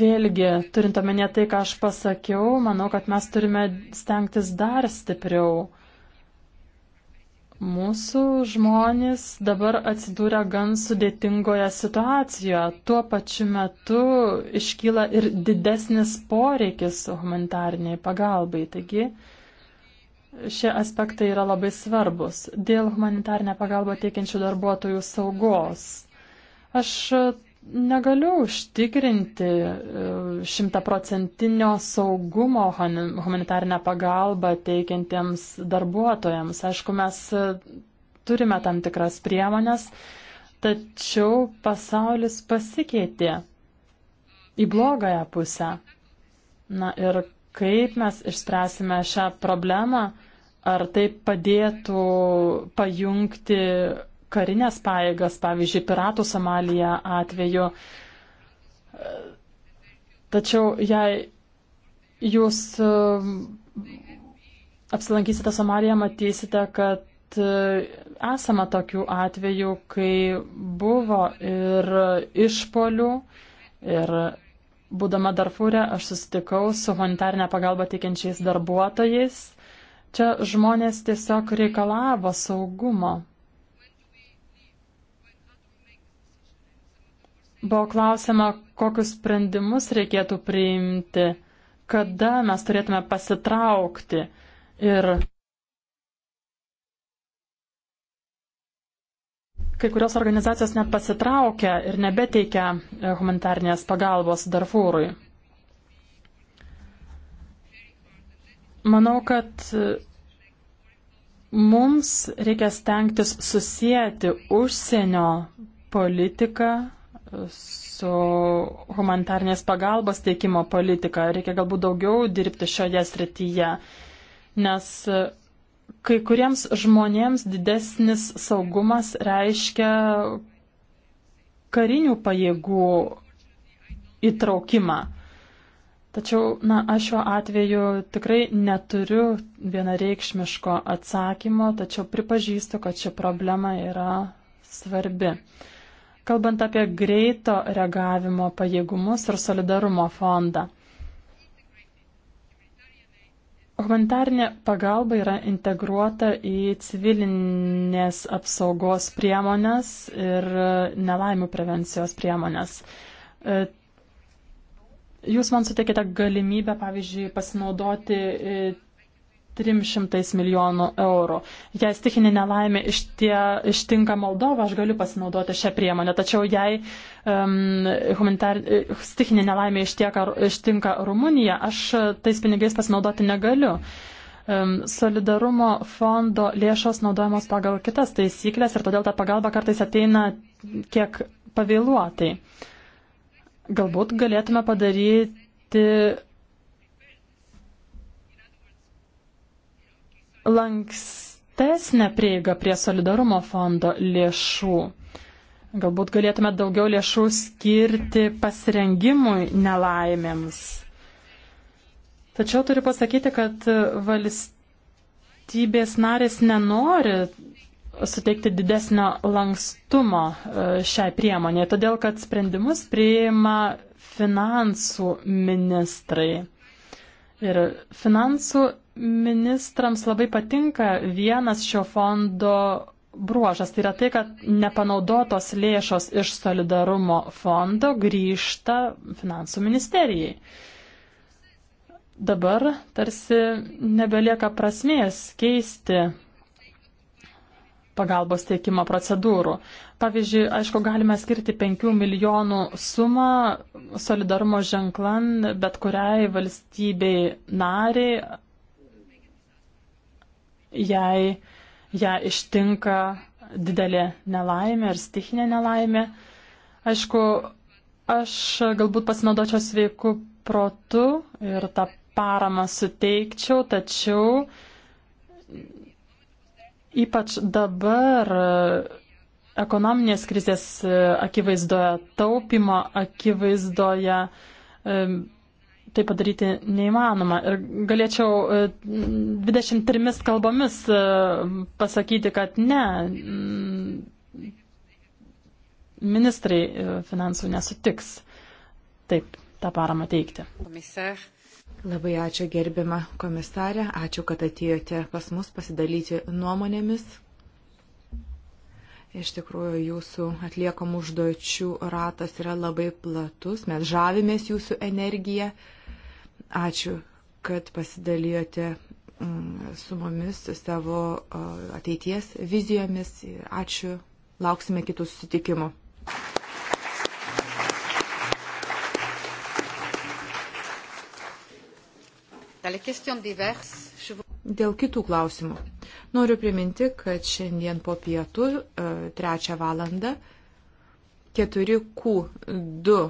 vėlgi, turint omenyje tai, ką aš pasakiau, manau, kad mes turime stengtis dar stipriau. Mūsų žmonės dabar atsidūrė gan sudėtingoje situacijoje. Tuo pačiu metu iškyla ir didesnis poreikis humanitarniai pagalbai. Taigi, šie aspektai yra labai svarbus. Dėl humanitarnę pagalbą teikiančių darbuotojų saugos. Aš e, negaliu užtikrinti e, šimtaprocentinio saugumo humanitarnę pagalbą teikiantiems darbuotojams. Aišku, mes e, turime tam tikras priemonės, tačiau pasaulis pasikeitė į blogąją pusę. Na ir kaip mes išspręsime šią problemą, ar tai padėtų pajungti karinės paėgas, pavyzdžiui, piratų Somalija atveju. Tačiau jei jūs um, apsilankysite Somaliją, matysite, kad e, esama tokių atvejų, kai buvo ir išpolių, ir Būdama Darfūrė, aš susitikau su humanitarinę pagalbą teikiančiais darbuotojais. Čia žmonės tiesiog reikalavo saugumo. Buvo klausima, kokius sprendimus reikėtų priimti, kada mes turėtume pasitraukti ir kai kurios organizacijos net pasitraukia ir nebeteikia e, humanitarnės pagalbos Darfūrui. Manau, kad e, mums reikia stengtis susijęti užsienio politiką e, su humanitarnės pagalbos teikimo politika. Reikia galbūt daugiau dirbti šioje srityje, nes kai kuriems žmonėms didesnis saugumas reiškia karinių pajėgų įtraukimą. Tačiau, na, aš šiuo atveju tikrai neturiu vienareikšmiško atsakymo, tačiau pripažįstu, kad ši problema yra svarbi. Kalbant apie greito reagavimo pajėgumus ir solidarumo fondą. Humanitarinė pagalba yra integruota į civilinės apsaugos priemonės ir e, nelaimių prevencijos priemonės. E, jūs man suteikite galimybę, pavyzdžiui, pasinaudoti e, 300 milijonų eurų. Jei stichinė nelaimė ištie, ištinka Moldovą, aš galiu pasinaudoti šią priemonę. Tačiau jei um, humanitar, stichinė nelaimė ištieka, ištinka Rumuniją, aš tais pinigais pasinaudoti negaliu. Um, solidarumo fondo lėšos naudojamos pagal kitas taisyklės ir todėl ta pagalba kartais ateina kiek pavėluotai. Galbūt galėtume padaryti lankstesnę prieigą prie solidarumo fondo lėšų. Galbūt galėtume daugiau lėšų skirti pasirengimui nelaimėms. Tačiau turiu pasakyti, kad valstybės narės nenori suteikti didesnio lankstumo e, šiai priemonėje, todėl kad sprendimus priima finansų ministrai. Ir finansų ministrams labai patinka vienas šio fondo bruožas. Tai yra tai, kad nepanaudotos lėšos iš solidarumo fondo grįžta finansų ministerijai. Dabar tarsi nebelieka prasmės keisti pagalbos teikimo procedūrų. Pavyzdžiui, aišku, galime skirti 5 milijonų sumą solidarumo ženklan bet kuriai valstybei nariai jei ją ištinka didelė nelaimė ar stichinė nelaimė. Aišku, aš galbūt pasinaudočiau sveiku protu ir tą paramą suteikčiau, tačiau ypač dabar ekonominės krizės akivaizdoje, taupimo akivaizdoje, tai padaryti neįmanoma. Ir galėčiau 23 e, kalbomis e, pasakyti, kad ne, mm, ministrai e, finansų nesutiks taip tą paramą teikti. Komisar. Labai ačiū gerbima komisarė, ačiū, kad atėjote pas mus pasidalyti nuomonėmis. Iš tikrųjų, jūsų atliekamų užduočių ratas yra labai platus, mes žavimės jūsų energiją. Ačiū, kad pasidalijote mm, su mumis su savo ateities vizijomis. Ačiū, lauksime kitų susitikimų. Dėl kitų klausimų. Noriu priminti, kad šiandien po pietų, trečią valandą, 4Q2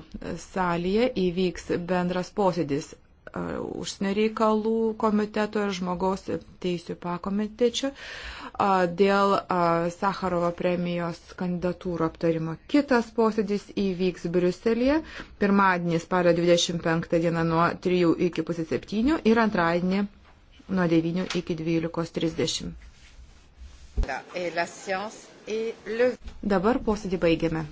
salėje įvyks bendras posėdis užsienio reikalų komiteto ir žmogaus teisų pakomitečio dėl Sakarovo premijos kandidatūrų aptarimo. Kitas posėdis įvyks Briuselėje pirmadienį spalio 25 dieną nuo 3 iki pusės 7 ir antradienį nuo 9 iki 12.30. Dabar posėdį baigiame.